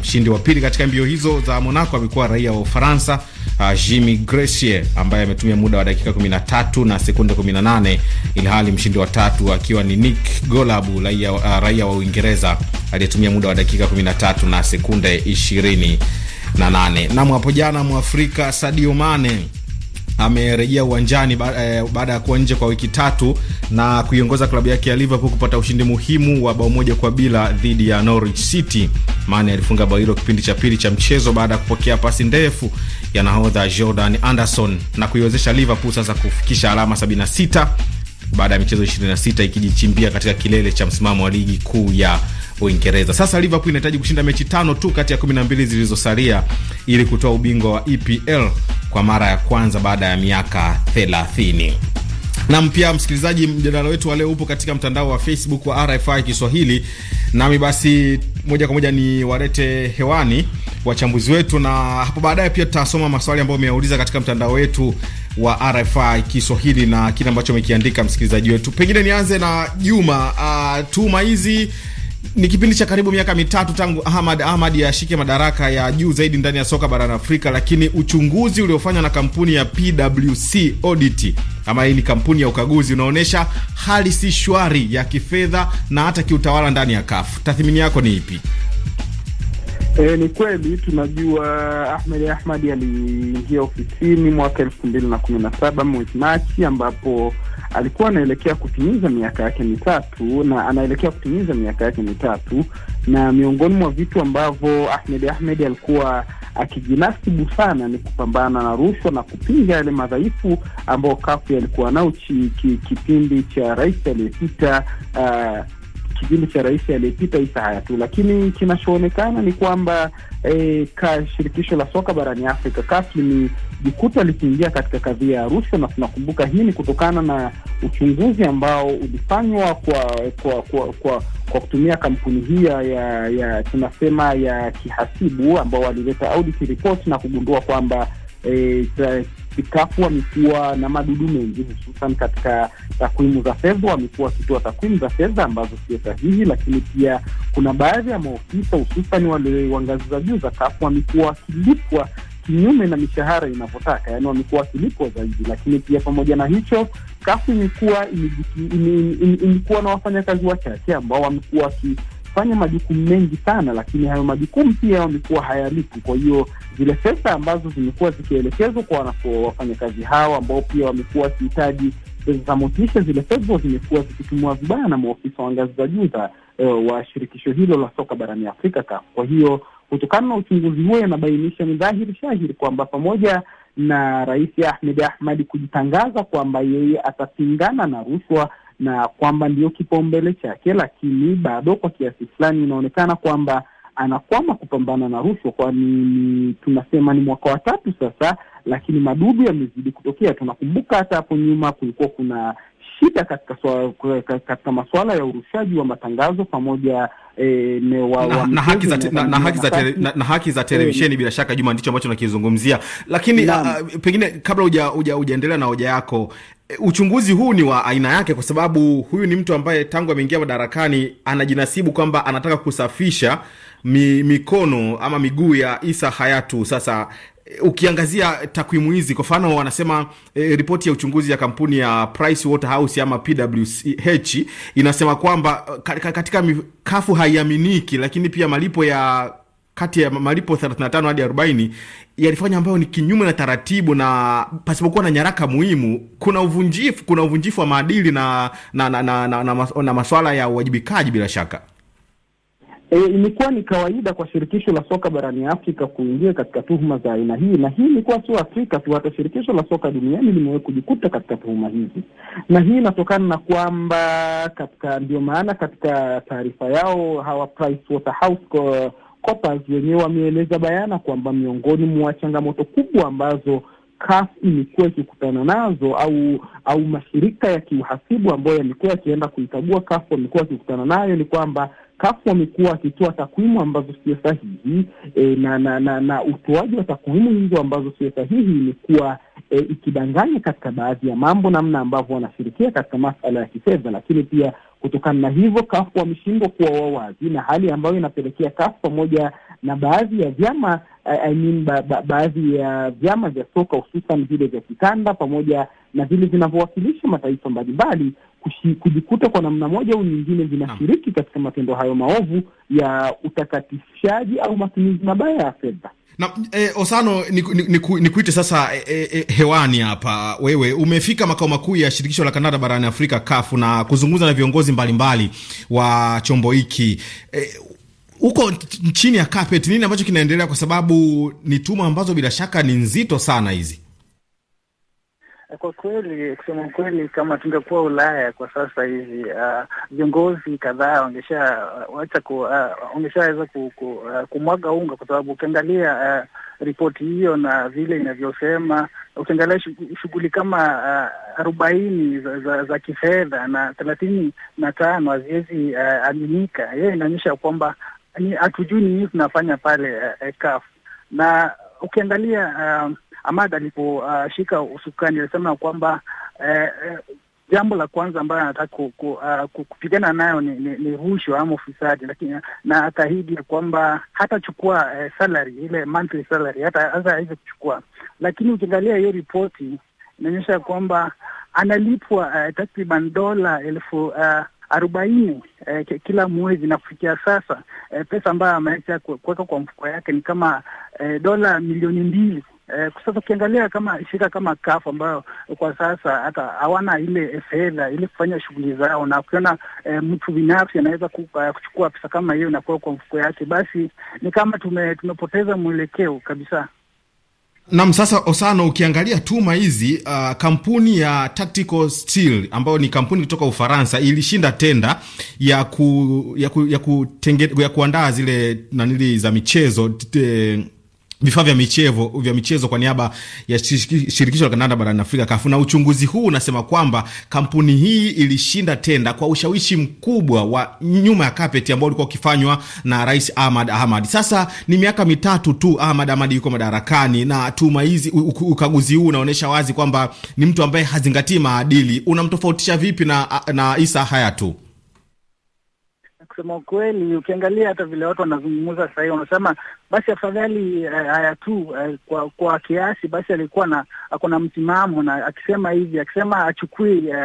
Speaker 4: Mshindi wa pili katika mbio hizo za Monaco amekuwa raia wa Ufaransa uh, Jimmy Gracie ambaye ametumia muda wa dakika 13 na sekunde 18, ilhali mshindi wa tatu akiwa ni Nick Golabu raia, uh, raia wa Uingereza aliyetumia muda wa dakika 13 na sekunde 28. Na hapo jana Mwafrika Sadio Mane amerejea uwanjani eh, baada ya kuwa nje kwa wiki tatu na kuiongoza klabu yake ya Liverpool kupata ushindi muhimu wa bao moja kwa bila dhidi ya Norwich City. Mane alifunga bao hilo kipindi cha pili cha mchezo baada ya kupokea pasi ndefu ya nahodha Jordan Anderson na kuiwezesha Liverpool sasa kufikisha alama 76 baada ya michezo 26 ikijichimbia katika kilele cha msimamo wa ligi kuu ya Uingereza. Sasa Liverpool inahitaji kushinda mechi tano tu kati ya kumi na mbili zilizosalia ili kutoa ubingwa wa EPL kwa mara ya kwanza baada ya miaka thelathini. Nam pia, msikilizaji, mjadala wetu wa leo upo katika mtandao wa Facebook wa RFI Kiswahili, nami basi moja kwa moja ni walete hewani wachambuzi wetu, na hapo baadaye pia tutasoma maswali ambayo umeyauliza katika mtandao wetu wa RFI Kiswahili na kile ambacho umekiandika msikilizaji wetu. Pengine nianze na Juma. Uh, ah, tuma hizi ni kipindi cha karibu miaka mitatu tangu Ahmad Ahmad yashike madaraka ya juu zaidi ndani ya soka barani Afrika, lakini uchunguzi uliofanywa na kampuni ya PwC Audit ama hii ni kampuni ya ukaguzi unaonyesha hali si shwari ya kifedha na hata kiutawala ndani ya kafu Tathmini yako
Speaker 5: ni ipi?
Speaker 10: E, ni kweli tunajua Ahmed Ahmadi aliingia ofisini mwaka elfu mbili na kumi na saba mwezi Machi, ambapo alikuwa anaelekea kutimiza miaka yake mitatu na anaelekea kutimiza miaka yake mitatu, na miongoni mwa vitu ambavyo Ahmed Ahmedi alikuwa akijinasibu sana ni kupambana na rushwa na kupinga yale madhaifu ambayo kafu alikuwa nao kipindi cha rais aliyepita uh, kipindi cha rais aliyepita Isa Hayatu, lakini kinachoonekana ni kwamba e, ka shirikisho la soka barani Afrika CAF limejikuta likiingia katika kadhia ya rushwa, na tunakumbuka hii ni kutokana na uchunguzi ambao ulifanywa kwa kwa, kwa, kwa kwa kutumia kampuni hii ya, ya tunasema ya kihasibu ambao walileta audit report na kugundua kwamba E, Sikafu wamekuwa na madudu mengi, hususan katika takwimu za fedha. Wamekuwa wakitoa takwimu za fedha ambazo sio sahihi, lakini pia kuna baadhi ya maofisa hususan wale wa ngazi za juu za Kafu wamekuwa wakilipwa kinyume na mishahara inavyotaka, yaani wamekuwa wakilipwa zaidi. Lakini pia pamoja na hicho, Kafu imekuwa imekuwa na wafanyakazi wachache ambao wamekuwa waki kufanya majukumu mengi sana, lakini hayo majukumu pia yamekuwa hayalipi. Kwa hiyo zile pesa ambazo zimekuwa zikielekezwa kwa wafanyakazi hao ambao pia wamekuwa wakihitaji pesa za motisha, zile pesa zimekuwa zikitumiwa vibaya na maofisa wa ngazi za juu za e, wa shirikisho hilo la soka barani Afrika, CAF. Kwa hiyo kutokana na uchunguzi huo, yanabainisha ni dhahiri shahiri kwamba pamoja na Rais Ahmed Ahmadi kujitangaza kwamba yeye atapingana na rushwa na kwamba ndio kipaumbele chake, lakini bado kwa kiasi fulani inaonekana kwamba anakwama kupambana na rushwa, kwani tunasema ni mwaka wa tatu sasa, lakini madudu yamezidi kutokea. Tunakumbuka hata hapo nyuma kulikuwa kuna shida katika, katika masuala ya urushaji wa matangazo pamoja na,
Speaker 4: haki za, televisheni e, Bila shaka Juma, ndicho ambacho nakizungumzia, lakini uh, pengine kabla uja, uja, ujaendelea na hoja yako uchunguzi huu ni wa aina yake, kwa sababu huyu ni mtu ambaye tangu ameingia madarakani anajinasibu kwamba anataka kusafisha mi, mikono ama miguu ya Isa Hayatu. Sasa eh, ukiangazia takwimu hizi, kwa mfano wanasema e, ripoti ya uchunguzi ya kampuni ya Price Waterhouse ama PwC inasema kwamba eh, katika mikafu haiaminiki, lakini pia malipo ya kati ya malipo 35 hadi 40 yalifanya ambayo ni kinyume na taratibu na pasipokuwa na nyaraka muhimu. Kuna uvunjifu, kuna uvunjifu wa maadili na na na, na, na, na, mas, na maswala ya uwajibikaji bila shaka.
Speaker 2: E,
Speaker 10: ilikuwa ni kawaida kwa shirikisho la soka barani Afrika kuingia katika tuhuma za aina hii, na hii ilikuwa sio Afrika tu, hata shirikisho la soka duniani limewe kujikuta katika tuhuma hizi, na hii inatokana na kwamba katika, ndio maana katika taarifa yao hawa kwa, Coppers wenyewe wameeleza bayana kwamba miongoni mwa changamoto kubwa ambazo CAF imekuwa ikikutana nazo au au mashirika ya kiuhasibu ambayo yamekuwa yakienda kuikagua CAF wamekuwa wakikutana nayo ni kwamba CAF wamekuwa wakitoa takwimu ambazo sio sahihi e, na na na, na utoaji wa takwimu hizo ambazo sio sahihi imekuwa e, ikidanganya katika baadhi ya mambo, namna ambavyo wanashirikia katika masala ya kifedha, lakini pia Kutokana na hivyo, kafu wameshindwa kuwa wao wazi, na hali ambayo inapelekea kafu pamoja na baadhi ya vyama eh, I mean, ba ba baadhi ya vyama vya soka hususan vile vya kikanda pamoja na vile vinavyowakilisha mataifa mbalimbali kujikuta kwa namna moja au nyingine vinashiriki katika matendo hayo maovu ya utakatishaji au matumizi mabaya ya fedha.
Speaker 4: Na, eh, Osano nikuite ni, ni, ni sasa eh, eh, eh, hewani hapa. Wewe umefika makao makuu ya shirikisho la kanada barani Afrika CAF na kuzungumza na viongozi mbalimbali mbali wa chombo hiki eh, huko chini ya carpet, nini ambacho kinaendelea? Kwa sababu ni tuma ambazo bila shaka ni nzito sana hizi.
Speaker 11: Eh, kwa kweli, kusema kweli, kama tungekuwa Ulaya kwa sasa hivi, ah, viongozi uh, kadhaa ah, ah, wangeshaweza uh, ku, ku, uh, kumwaga unga, kwa sababu ukiangalia uh, ripoti hiyo na vile inavyosema, ukiangalia shughuli kama uh, arobaini za, za, za kifedha na thelathini na tano haziwezi uh, aminika, hiyo inaonyesha kwamba hatujui ni nini tunafanya pale uh, CAF na ukiangalia uh, Ahmad aliposhika uh, usukani alisema kwamba eh, eh, jambo la kwanza ambayo anataka ku, ku, uh, kupigana nayo ni, ni, ni rushwa ama ufisadi, lakini na akaahidi ya kwamba hatachukua eh, salary ile monthly salary, hata hata aweze kuchukua. Lakini ukiangalia hiyo ripoti inaonyesha kwamba analipwa uh, takriban dola elfu uh, arobaini eh, kila mwezi na kufikia sasa eh, pesa ambayo ameweza kuweka kwa mfuko yake ni kama eh, dola milioni mbili Eh, sasa ukiangalia kama shirika kama kafu ambayo kwa sasa hata hawana ile fedha ili kufanya shughuli zao, na ukiona eh, mtu binafsi anaweza eh, kuchukua pesa kama hiyo na kwa mfuko yake, basi ni kama tume, tumepoteza mwelekeo kabisa.
Speaker 4: Nam, sasa Osano, ukiangalia tuma hizi uh, kampuni ya Tactical Steel ambayo ni kampuni kutoka Ufaransa ilishinda tenda ya ku, ya ku, ya, kutenge, ya kuandaa zile nanili za michezo t, eh, t, vifaa vya michezo vya michezo kwa niaba ya shirikisho la kandanda barani Afrika CAF. Na uchunguzi huu unasema kwamba kampuni hii ilishinda tenda kwa ushawishi mkubwa wa nyuma ya kapeti ambao ulikuwa ukifanywa na Rais Ahmad Ahmad. Sasa ni miaka mitatu tu Ahmad Ahmad yuko madarakani, na tuma hizi ukaguzi huu unaonyesha wazi kwamba ni mtu ambaye hazingatii maadili. Unamtofautisha vipi na, na Isa Hayatu?
Speaker 11: kusema ukweli, ukiangalia hata vile watu wanazungumza sasa wanasema basi afadhali eh, haya tu eh, kwa, kwa kiasi basi alikuwa na ako na msimamo na akisema hivi akisema achukui uh,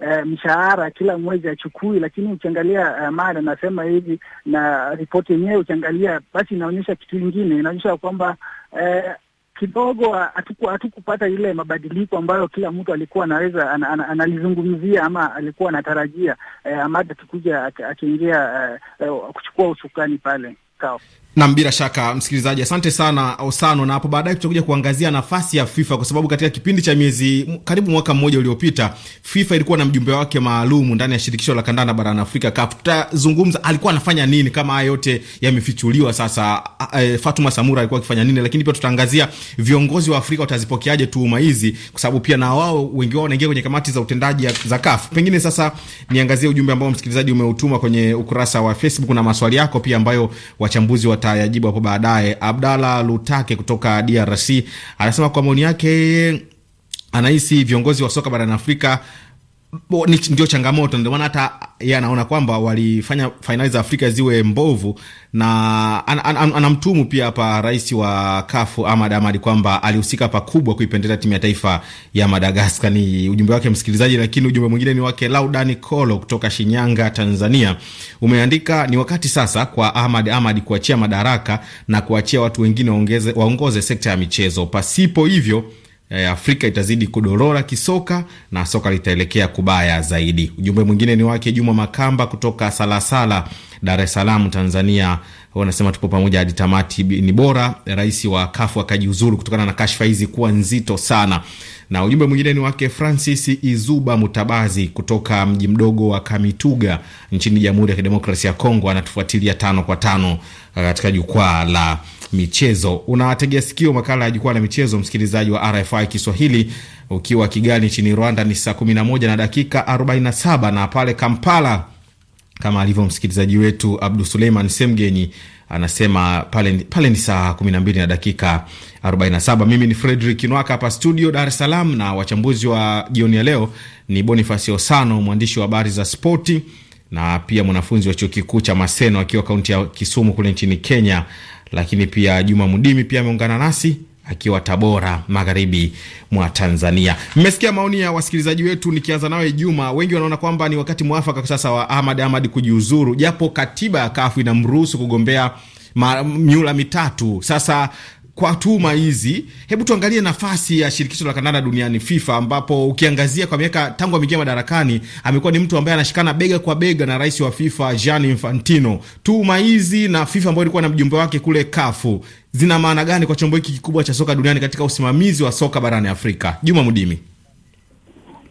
Speaker 11: uh, mshahara kila mwezi achukui, lakini ukiangalia uh, mara anasema hivi na ripoti yenyewe ukiangalia basi inaonyesha kitu ingine, inaonyesha kwamba uh, kidogo hatukupata ile mabadiliko ambayo kila mtu alikuwa anaweza an, an, analizungumzia ama alikuwa anatarajia eh, Amad akikuja akiingia eh, eh, kuchukua usukani pale Kao.
Speaker 4: Nam, bila shaka msikilizaji, asante sana Osano, na hapo baadaye tutakuja kuangazia nafasi ya FIFA kwa sababu katika kipindi cha miezi karibu mwaka mmoja uliopita FIFA ilikuwa na mjumbe wake maalum ndani ya shirikisho la kandanda barani Afrika CAF. Tutazungumza alikuwa anafanya nini, kama haya yote yamefichuliwa sasa. E, Fatuma Samura alikuwa akifanya nini, lakini pia tutaangazia viongozi wa Afrika watazipokeaje tuhuma hizi, kwa sababu pia na wao wengi wao wanaingia kwenye kamati za utendaji za CAF. Pengine sasa niangazie ujumbe ambao msikilizaji umeutuma kwenye ukurasa wa Facebook na maswali yako pia ambayo wachambuzi wa atayajibu hapo baadaye. Abdala Lutake kutoka DRC anasema kwa maoni yake yeye anahisi viongozi wa soka barani Afrika ndio changamoto, ndio maana hata yeye anaona kwamba walifanya fainali za Afrika ziwe mbovu na an, an, an, anamtumu pia hapa rais wa kafu Ahmad Ahmad kwamba alihusika pakubwa kuipendelea timu ya taifa ya Madagaskar. Ni ujumbe wake msikilizaji, lakini ujumbe mwingine ni wake Laudani Kolo kutoka Shinyanga, Tanzania. Umeandika, ni wakati sasa kwa Ahmad Ahmad kuachia madaraka na kuachia watu wengine waongoze sekta ya michezo, pasipo hivyo Eh, Afrika itazidi kudorora kisoka na soka litaelekea kubaya zaidi. Ujumbe mwingine ni wake Juma Makamba kutoka Salasala, Dar es Salaam, Tanzania. Wanasema tupo pamoja hadi tamati. Ni bora rais wa Kafu akajiuzuru kutokana na kashfa hizi kuwa nzito sana. Na ujumbe mwingine ni wake Francis Izuba Mutabazi kutoka mji mdogo wa Kamituga nchini Jamhuri ya Kidemokrasia ya Kongo. Anatufuatilia tano kwa tano eh, katika jukwaa la michezo. Unategea sikio makala ya jukwaa la michezo, msikilizaji wa RFI Kiswahili ukiwa Kigali nchini Rwanda ni saa 11 na dakika 47, na pale Kampala kama alivyo msikilizaji wetu Abdu Suleiman Semgenyi anasema pale, pale ni saa 12 na dakika 47. Mimi ni Fredrik Nwaka hapa studio Dar es Salaam, na wachambuzi wa jioni ya leo ni Bonifasi Osano, mwandishi wa habari za spoti na pia mwanafunzi wa chuo kikuu cha Maseno akiwa kaunti ya Kisumu kule nchini Kenya, lakini pia Juma Mudimi pia ameungana nasi akiwa Tabora, magharibi mwa Tanzania. Mmesikia maoni ya wasikilizaji wetu. Nikianza nawe Juma, wengi wanaona kwamba ni wakati mwafaka sasa wa Ahmad Ahmad kujiuzuru, japo katiba ya kafu inamruhusu kugombea miula mitatu. Sasa kwa tuma hizi, hebu tuangalie nafasi ya shirikisho la kandanda duniani FIFA, ambapo ukiangazia kwa miaka tangu ameingia madarakani amekuwa ni mtu ambaye anashikana bega kwa bega na rais wa FIFA Gianni Infantino. Tuma hizi na FIFA ambayo ilikuwa na mjumbe wake kule kafu zina maana gani kwa chombo hiki kikubwa cha soka duniani katika usimamizi wa soka barani Afrika? Juma Mudimi.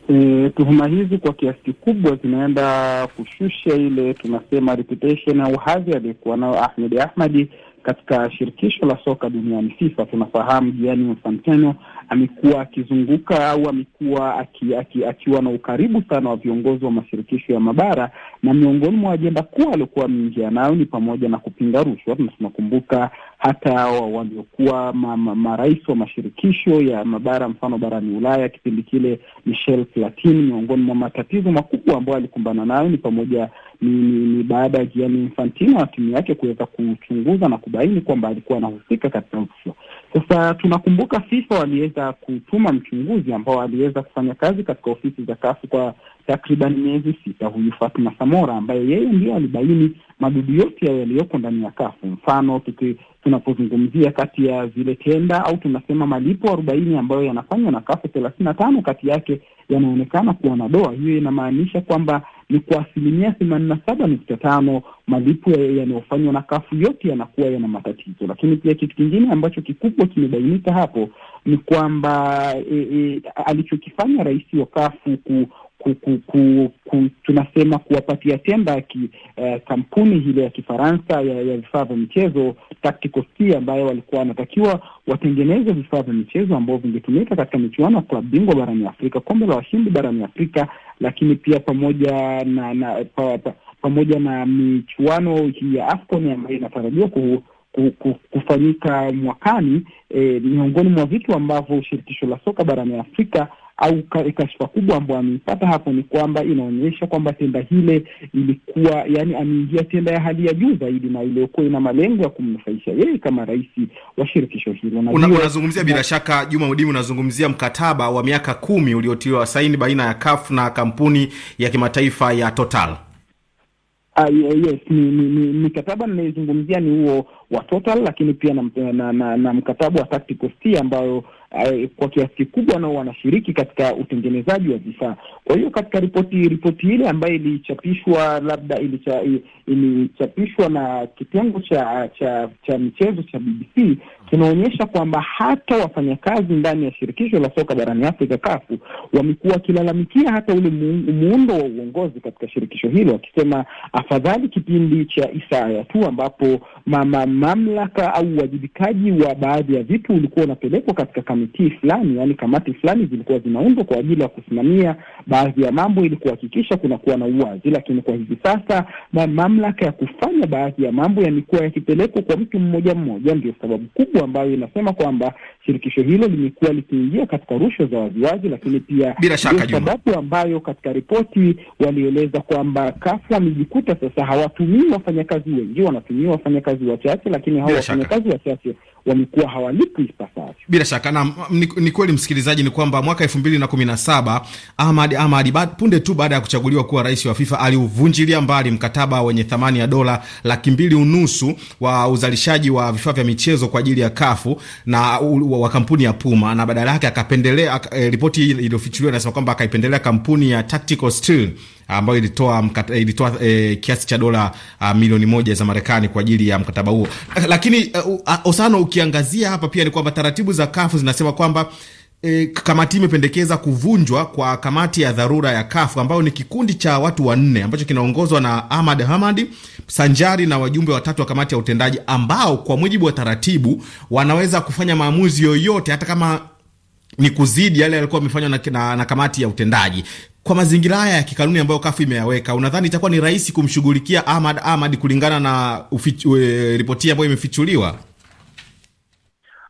Speaker 10: E, tuhuma hizi kwa kiasi kikubwa zinaenda kushusha ile tunasema reputation au hadhi aliyekuwa nayo Ahmed Ahmadi katika shirikisho la soka duniani FIFA. Tunafahamu Gianni Infantino amekuwa akizunguka au amekuwa aki, aki, akiwa na ukaribu sana wa viongozi wa mashirikisho ya mabara, na miongoni mwa ajenda kuu aliokuwa ameingia nayo ni pamoja na kupinga rushwa. Tunakumbuka hata waliokuwa ma, ma, marais wa mashirikisho ya mabara mfano barani Ulaya kipindi kile Michel Platini. Miongoni mwa matatizo makubwa ambayo alikumbana nayo ni pamoja ni, ni, ni baada ya Gianni Infantino na timu yake kuweza kuchunguza na kubaini kwamba alikuwa anahusika katika rushwa. Sasa tunakumbuka FIFA waliweza kutuma mchunguzi ambao aliweza kufanya kazi katika ofisi za kafu kwa takriban miezi sita, huyu Fatuma Samora ambaye yeye ndio alibaini madudu yote yaliyoko ndani ya kafu, mfano tuki tunapozungumzia kati ya zile tenda au tunasema malipo arobaini ambayo yanafanywa na kafu thelathini na tano kati yake yanaonekana kuwa na doa. Hiyo inamaanisha kwamba ni kwa asilimia themanini na saba nukta tano malipo yanayofanywa na kafu yote yanakuwa yana matatizo. Lakini pia kitu kingine ambacho kikubwa kimebainika hapo ni kwamba e, e, alichokifanya rais wa kafu ku ku, ku, ku, ku, tunasema kuwapatia tenda ki, uh, kampuni hile ya Kifaransa ya, ya vifaa vya michezo Tactical ambayo walikuwa wanatakiwa watengeneze vifaa vya michezo ambao vingetumika katika michuano ya klabu bingwa barani Afrika, kombe la washindi barani Afrika, lakini pia pamoja na, na pa, pa, pamoja na michuano hii ya AFCON ambayo inatarajiwa ku kufanyika mwakani. E, miongoni mwa vitu ambavyo shirikisho la soka barani Afrika au kashfa kubwa ambayo ameipata hapo ni kwamba inaonyesha kwamba tenda hile ilikuwa, yani, ameingia tenda ya hali ya juu zaidi na iliyokuwa ina malengo ya kumnufaisha yeye kama rais wa shirikisho hilo. Unazungumzia una bila
Speaker 4: shaka, Juma udimi unazungumzia mkataba wa miaka kumi uliotiwa saini baina ya kafu na kampuni ya kimataifa ya Total.
Speaker 10: Uh, yes, ni mikataba ninayozungumzia ni huo wa Total, lakini pia na, na, na, na mkataba wa Tactical ambayo Eh, kwa kiasi kikubwa nao wanashiriki katika utengenezaji wa vifaa. Kwa hiyo katika ripoti ripoti ile ambayo ilichapishwa labda ilicha, ilichapishwa na kitengo cha cha cha michezo cha BBC tunaonyesha kwamba hata wafanyakazi ndani ya shirikisho la soka barani Afrika kafu wamekuwa wakilalamikia hata ule muundo wa uongozi katika shirikisho hilo, wakisema afadhali kipindi cha Isaya tu ambapo mama mamlaka au uwajibikaji wa baadhi ya vitu ulikuwa unapelekwa katika kamitii fulani, yaani kamati fulani zilikuwa zinaundwa kwa ajili ya kusimamia baadhi ya mambo ili kuhakikisha kunakuwa na uwazi, lakini kwa hivi sasa mamlaka ya kufanya baadhi ya mambo yamekuwa yakipelekwa kwa mtu mmoja mmoja. Ndio sababu kubwa ambayo inasema kwamba shirikisho hilo limekuwa likiingia katika rushwa za waziwazi, lakini pia bila shaka sababu ambayo katika ripoti walieleza kwamba kafu wamejikuta sasa hawatumii wafanyakazi wengi, wanatumia wafanyakazi wachache, lakini hao wafanyakazi wachache wamekuwa hawalipwi ipasavyo.
Speaker 4: Bila shaka na ni, kweli msikilizaji, ni kwamba mwaka elfu mbili na kumi na saba Ahmad Ahmad punde tu baada ya kuchaguliwa kuwa rais wa FIFA aliuvunjilia mbali mkataba wenye thamani ya dola laki mbili unusu wa uzalishaji wa vifaa vya michezo kwa ajili ya kafu na u, wa kampuni ya Puma na badala yake akapendelea e, ripoti hii iliyofichuliwa inasema kwamba akaipendelea kampuni ya Tactical Steel ambayo ilitoa eh, ilitoa e, kiasi cha dola ah, milioni moja za Marekani kwa ajili ya mkataba huo. Lakini uh, uh, Osano, ukiangazia hapa pia ni kwamba taratibu za kafu zinasema kwamba eh, kamati imependekeza kuvunjwa kwa kamati ya dharura ya CAF ambayo ni kikundi cha watu wanne ambacho kinaongozwa na Ahmad Hamadi sanjari na wajumbe watatu wa kamati ya utendaji ambao kwa mujibu wa taratibu wanaweza kufanya maamuzi yoyote hata kama ni kuzidi yale yalikuwa yamefanywa na, na, na kamati ya utendaji. Kwa mazingira haya ya kikanuni ambayo kafu imeyaweka, unadhani itakuwa ni rahisi kumshughulikia Ahmad Ahmad kulingana na e, ripoti ambayo imefichuliwa?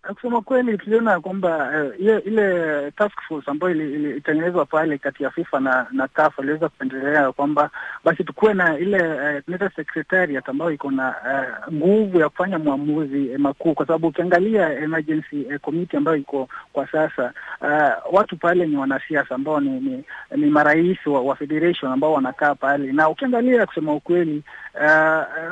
Speaker 11: Kusema kweli tuliona kwamba uh, ile task force ambayo ilitengenezwa pale kati ya FIFA na na CAF iliweza kuendelea kwamba basi tukuwe na ile eh, tunaita uh, secretariat ambayo iko na uh, nguvu ya kufanya maamuzi eh, makuu, kwa sababu ukiangalia emergency eh, committee ambayo iko kwa sasa uh, watu pale ni wanasiasa ambao ni ni, ni marais wa, wa federation ambao wanakaa pale, na ukiangalia kusema ukweli uh,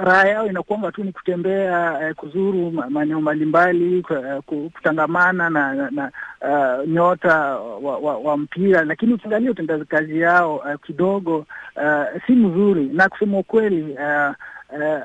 Speaker 11: raha yao inakuanga tu ni kutembea eh, kuzuru maeneo mbalimbali kutangamana na, na uh, nyota wa, wa, wa mpira, lakini ukiangalia utendakazi yao uh, kidogo uh, si mzuri, na kusema ukweli uh, uh, eh,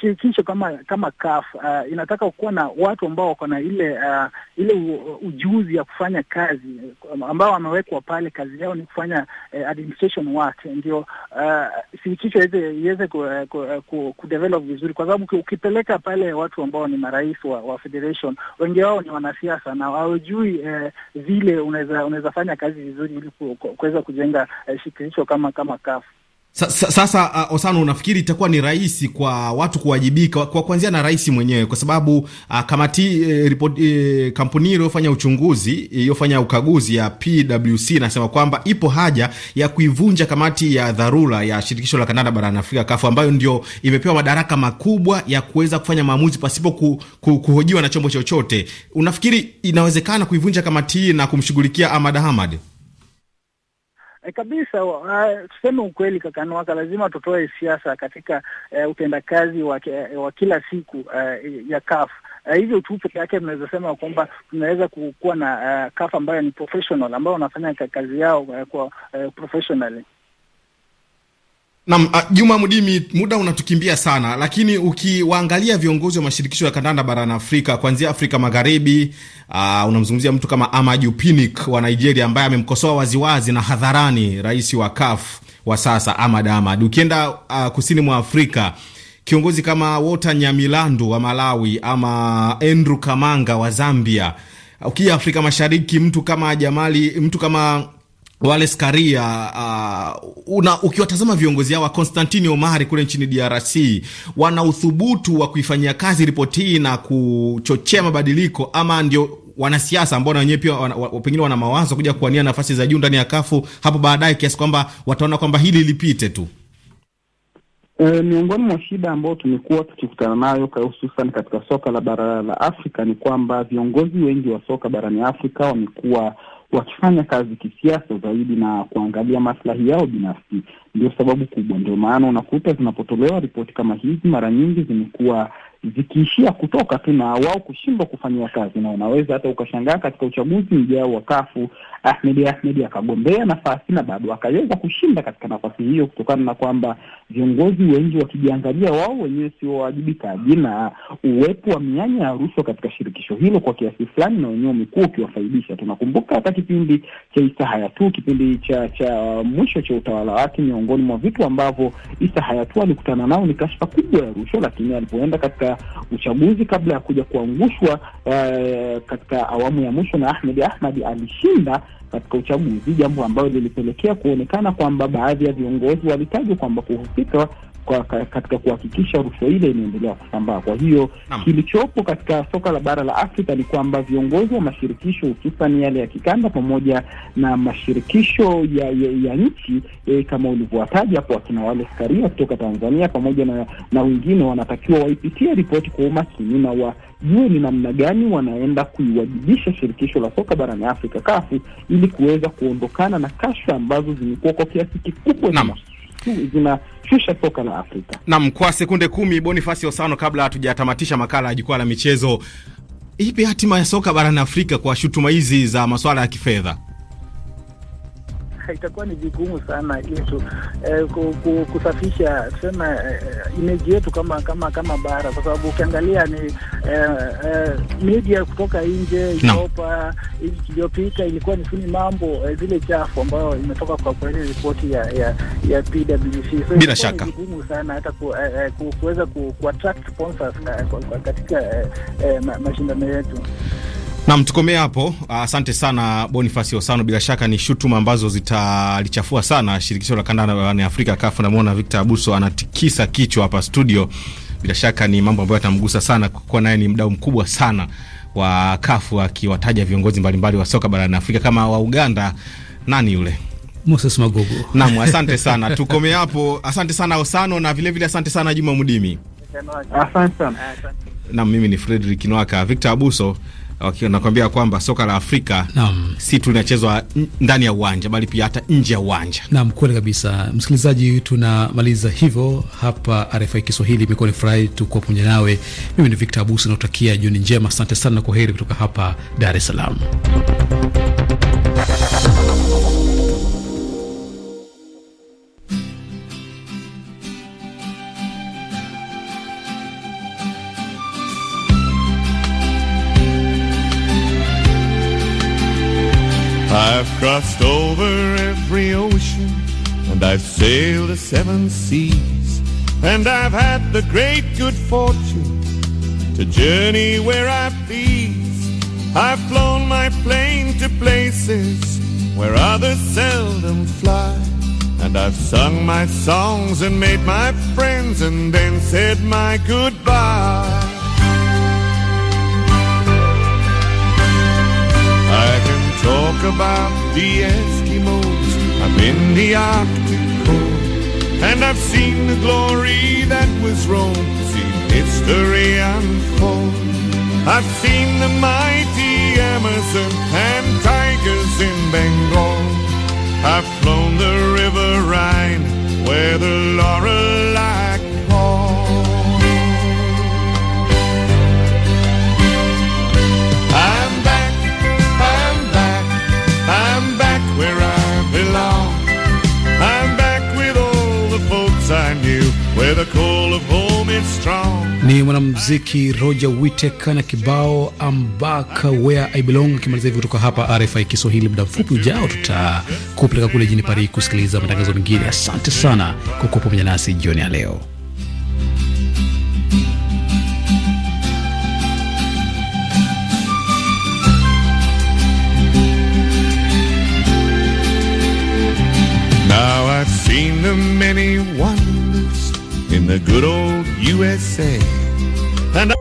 Speaker 11: shirikisho kama kama CAF uh, eh, inataka kuwa na watu ambao wako na ile uh, ile ujuzi ya kufanya kazi ambao wamewekwa pale, kazi yao ni kufanya uh, administration work, ndio uh, shirikisho iweze ku, ku, ku, ku develop vizuri, kwa sababu ukipeleka pale watu ambao ni marais wa, wa federation, wengi wao ni wanasiasa na hawajui uh, vile unaweza unaweza fanya kazi vizuri ili kuweza kujenga uh, shirikisho kama kama CAF.
Speaker 4: Sasa, uh, Osano, unafikiri itakuwa ni rahisi kwa watu kuwajibika kwa kuanzia na rais mwenyewe, kwa sababu uh, kamati eh, report, eh, kampuni iliyofanya uchunguzi iliyofanya ukaguzi ya PwC inasema kwamba ipo haja ya kuivunja kamati ya dharura ya shirikisho la kandanda barani Afrika kafu, ambayo ndio imepewa madaraka makubwa ya kuweza kufanya maamuzi pasipo ku, ku, kuhojiwa na chombo chochote. Unafikiri inawezekana kuivunja kamati hii na kumshughulikia Ahmad Ahmad?
Speaker 11: E, kabisa. Eh, tuseme ukweli, kaka Nwaka, lazima tutoe siasa katika e, utendakazi wa, wa kila siku e, ya CAF. hivyo tu peke yake tunaweza sema kwamba tunaweza kuwa na uh, CAF ambayo ni professional, ambayo wanafanya kazi yao uh, kwa uh, professionally.
Speaker 4: Ah, Juma Mdimi, muda unatukimbia sana, lakini ukiwaangalia viongozi wa mashirikisho ya kandanda barani Afrika kuanzia Afrika Magharibi, uh, unamzungumzia mtu kama Amaju Pinnick wa Nigeria ambaye amemkosoa waziwazi na hadharani rais wa CAF wa sasa Ahmad Ahmad. Ukienda uh, kusini mwa Afrika, kiongozi kama Walter Nyamilandu wa Malawi ama Andrew Kamanga wa Zambia. Ukija Afrika Mashariki, mtu kama Jamali, mtu kama Wallace Karia uh, ah, una, ukiwatazama viongozi hawa Konstantini Omari kule nchini DRC wana uthubutu wa kuifanyia kazi ripoti hii na kuchochea mabadiliko, ama ndio wanasiasa ambao na wenyewe pia pengine wana mawazo kuja kuwania nafasi za juu ndani ya kafu hapo baadaye, kiasi kwamba wataona kwamba hili lipite tu.
Speaker 10: E, miongoni mwa shida ambayo tumekuwa tukikutana nayo hususan katika soka la bara la Afrika ni kwamba viongozi wengi wa soka barani Afrika wamekuwa wakifanya kazi kisiasa zaidi na kuangalia maslahi yao binafsi ndio sababu kubwa. Ndio maana unakuta zinapotolewa ripoti kama hizi, mara nyingi zimekuwa zikiishia kutoka tu na wao kushindwa kufanyia kazi, na unaweza hata ukashangaa katika uchaguzi mjao wa Kafu, ahmed ahmed akagombea nafasi na bado akaweza kushinda katika nafasi hiyo, kutokana na kwamba viongozi wengi wakijiangalia wao wenyewe sio wawajibikaji, na uwepo wa mianya ya rushwa katika shirikisho hilo kwa kiasi fulani, na wenyewe umekuwa ukiwafaidisha. Tunakumbuka hata kipindi cha isahaya tu kipindi cha cha uh, mwisho cha utawala wake miongoni mwa vitu ambavyo Isa Hayatou alikutana nao ni kashfa kubwa ya rushwa, lakini alipoenda katika uchaguzi kabla ya kuja kuangushwa eh, katika awamu ya mwisho na Ahmed Ahmad alishinda katika uchaguzi, jambo ambalo lilipelekea kuonekana kwamba baadhi ya viongozi walitajwa kwamba kuhusika kwa, katika kuhakikisha rushwa ile inaendelea kusambaa. Kwa hiyo kilichopo katika soka la bara la Afrika ni kwamba viongozi wa mashirikisho hususan yale ya kikanda pamoja na mashirikisho ya, ya, ya nchi e, kama ulivyowataja hapo wakina wale Skaria kutoka Tanzania pamoja na, na wengine wanatakiwa waipitie ripoti kwa umakini na wajue ni namna gani wanaenda kuiwajibisha shirikisho la soka barani Afrika kafu ili kuweza kuondokana na kashfa ambazo zimekuwa kwa kiasi kikubwa zinashusha soka la Afrika.
Speaker 4: Naam, kwa sekunde kumi, Bonifasi Osano, kabla hatujatamatisha makala ya jukwaa la michezo, ipi hatima ya soka barani Afrika kwa shutuma hizi za masuala ya kifedha?
Speaker 11: itakuwa ni vigumu sana yetu eh, kusafisha tuseme eh, imeji yetu kama kama kama bara, kwa sababu ukiangalia ni eh, eh, media kutoka nje no. iliyopita ilikuwa ni suni mambo eh, zile chafu ambayo imetoka kwa kwenye ripoti ya ya, ya PwC. So, bila shaka ni vigumu sana hata ku, eh, eh kuweza ku, ku attract sponsors eh, katika eh, eh, mashindano yetu.
Speaker 4: Nam, tukomee hapo. Asante sana Bonifasi Osano. Bila shaka ni shutuma ambazo zitalichafua sana shirikisho la kandanda barani Afrika, kafu. Namwona Victor Abuso anatikisa kichwa hapa studio. Bila shaka ni mambo ambayo yatamgusa sana, kuwa naye ni mdau mkubwa sana wa kafu, akiwataja viongozi mbalimbali wa soka barani Afrika kama wa Uganda, nani yule Moses Magogo. Nam, asante sana tukomee hapo. Asante sana Osano, na vilevile vile asante sana Juma Mudimi.
Speaker 10: Asante sana.
Speaker 4: Nam, mimi ni Fredrick Nwaka. Victor Abuso okay, nakwambia kwamba soka la Afrika naam, si tu linachezwa ndani ya uwanja bali pia hata nje ya uwanja.
Speaker 1: Naam, kweli kabisa. Msikilizaji, tunamaliza hivyo hapa RFI Kiswahili. Imekuwa ni furahi tukuwa pamoja nawe. Mimi ni Victor Abusi, nakutakia jioni njema. Asante sana na heri kutoka hapa Dar es Salaam.
Speaker 8: crossed over every ocean, and I've sailed the seven seas, and I've had the great good fortune to journey where I please. I've flown my plane to places where others seldom fly, and I've sung my songs and made my friends and then said my goodbye. about the Eskimos. i have been the Arctic cold, and I've seen the glory that was Rome. Seen history unfold. I've seen the mighty Amazon and tigers in Bengal. I've flown the River Rhine, where the laurel
Speaker 1: Ni mwanamziki Roger Whittaker na kibao I'm back where I belong, akimaliza hivi kutoka hapa RFI Kiswahili. Muda mfupi ujao, tutakupeleka kule jini Paris kusikiliza matangazo mengine. Asante sana kwa kuwa pamoja nasi jioni ya leo.
Speaker 8: Now I've seen the many wonders in the good old USA. And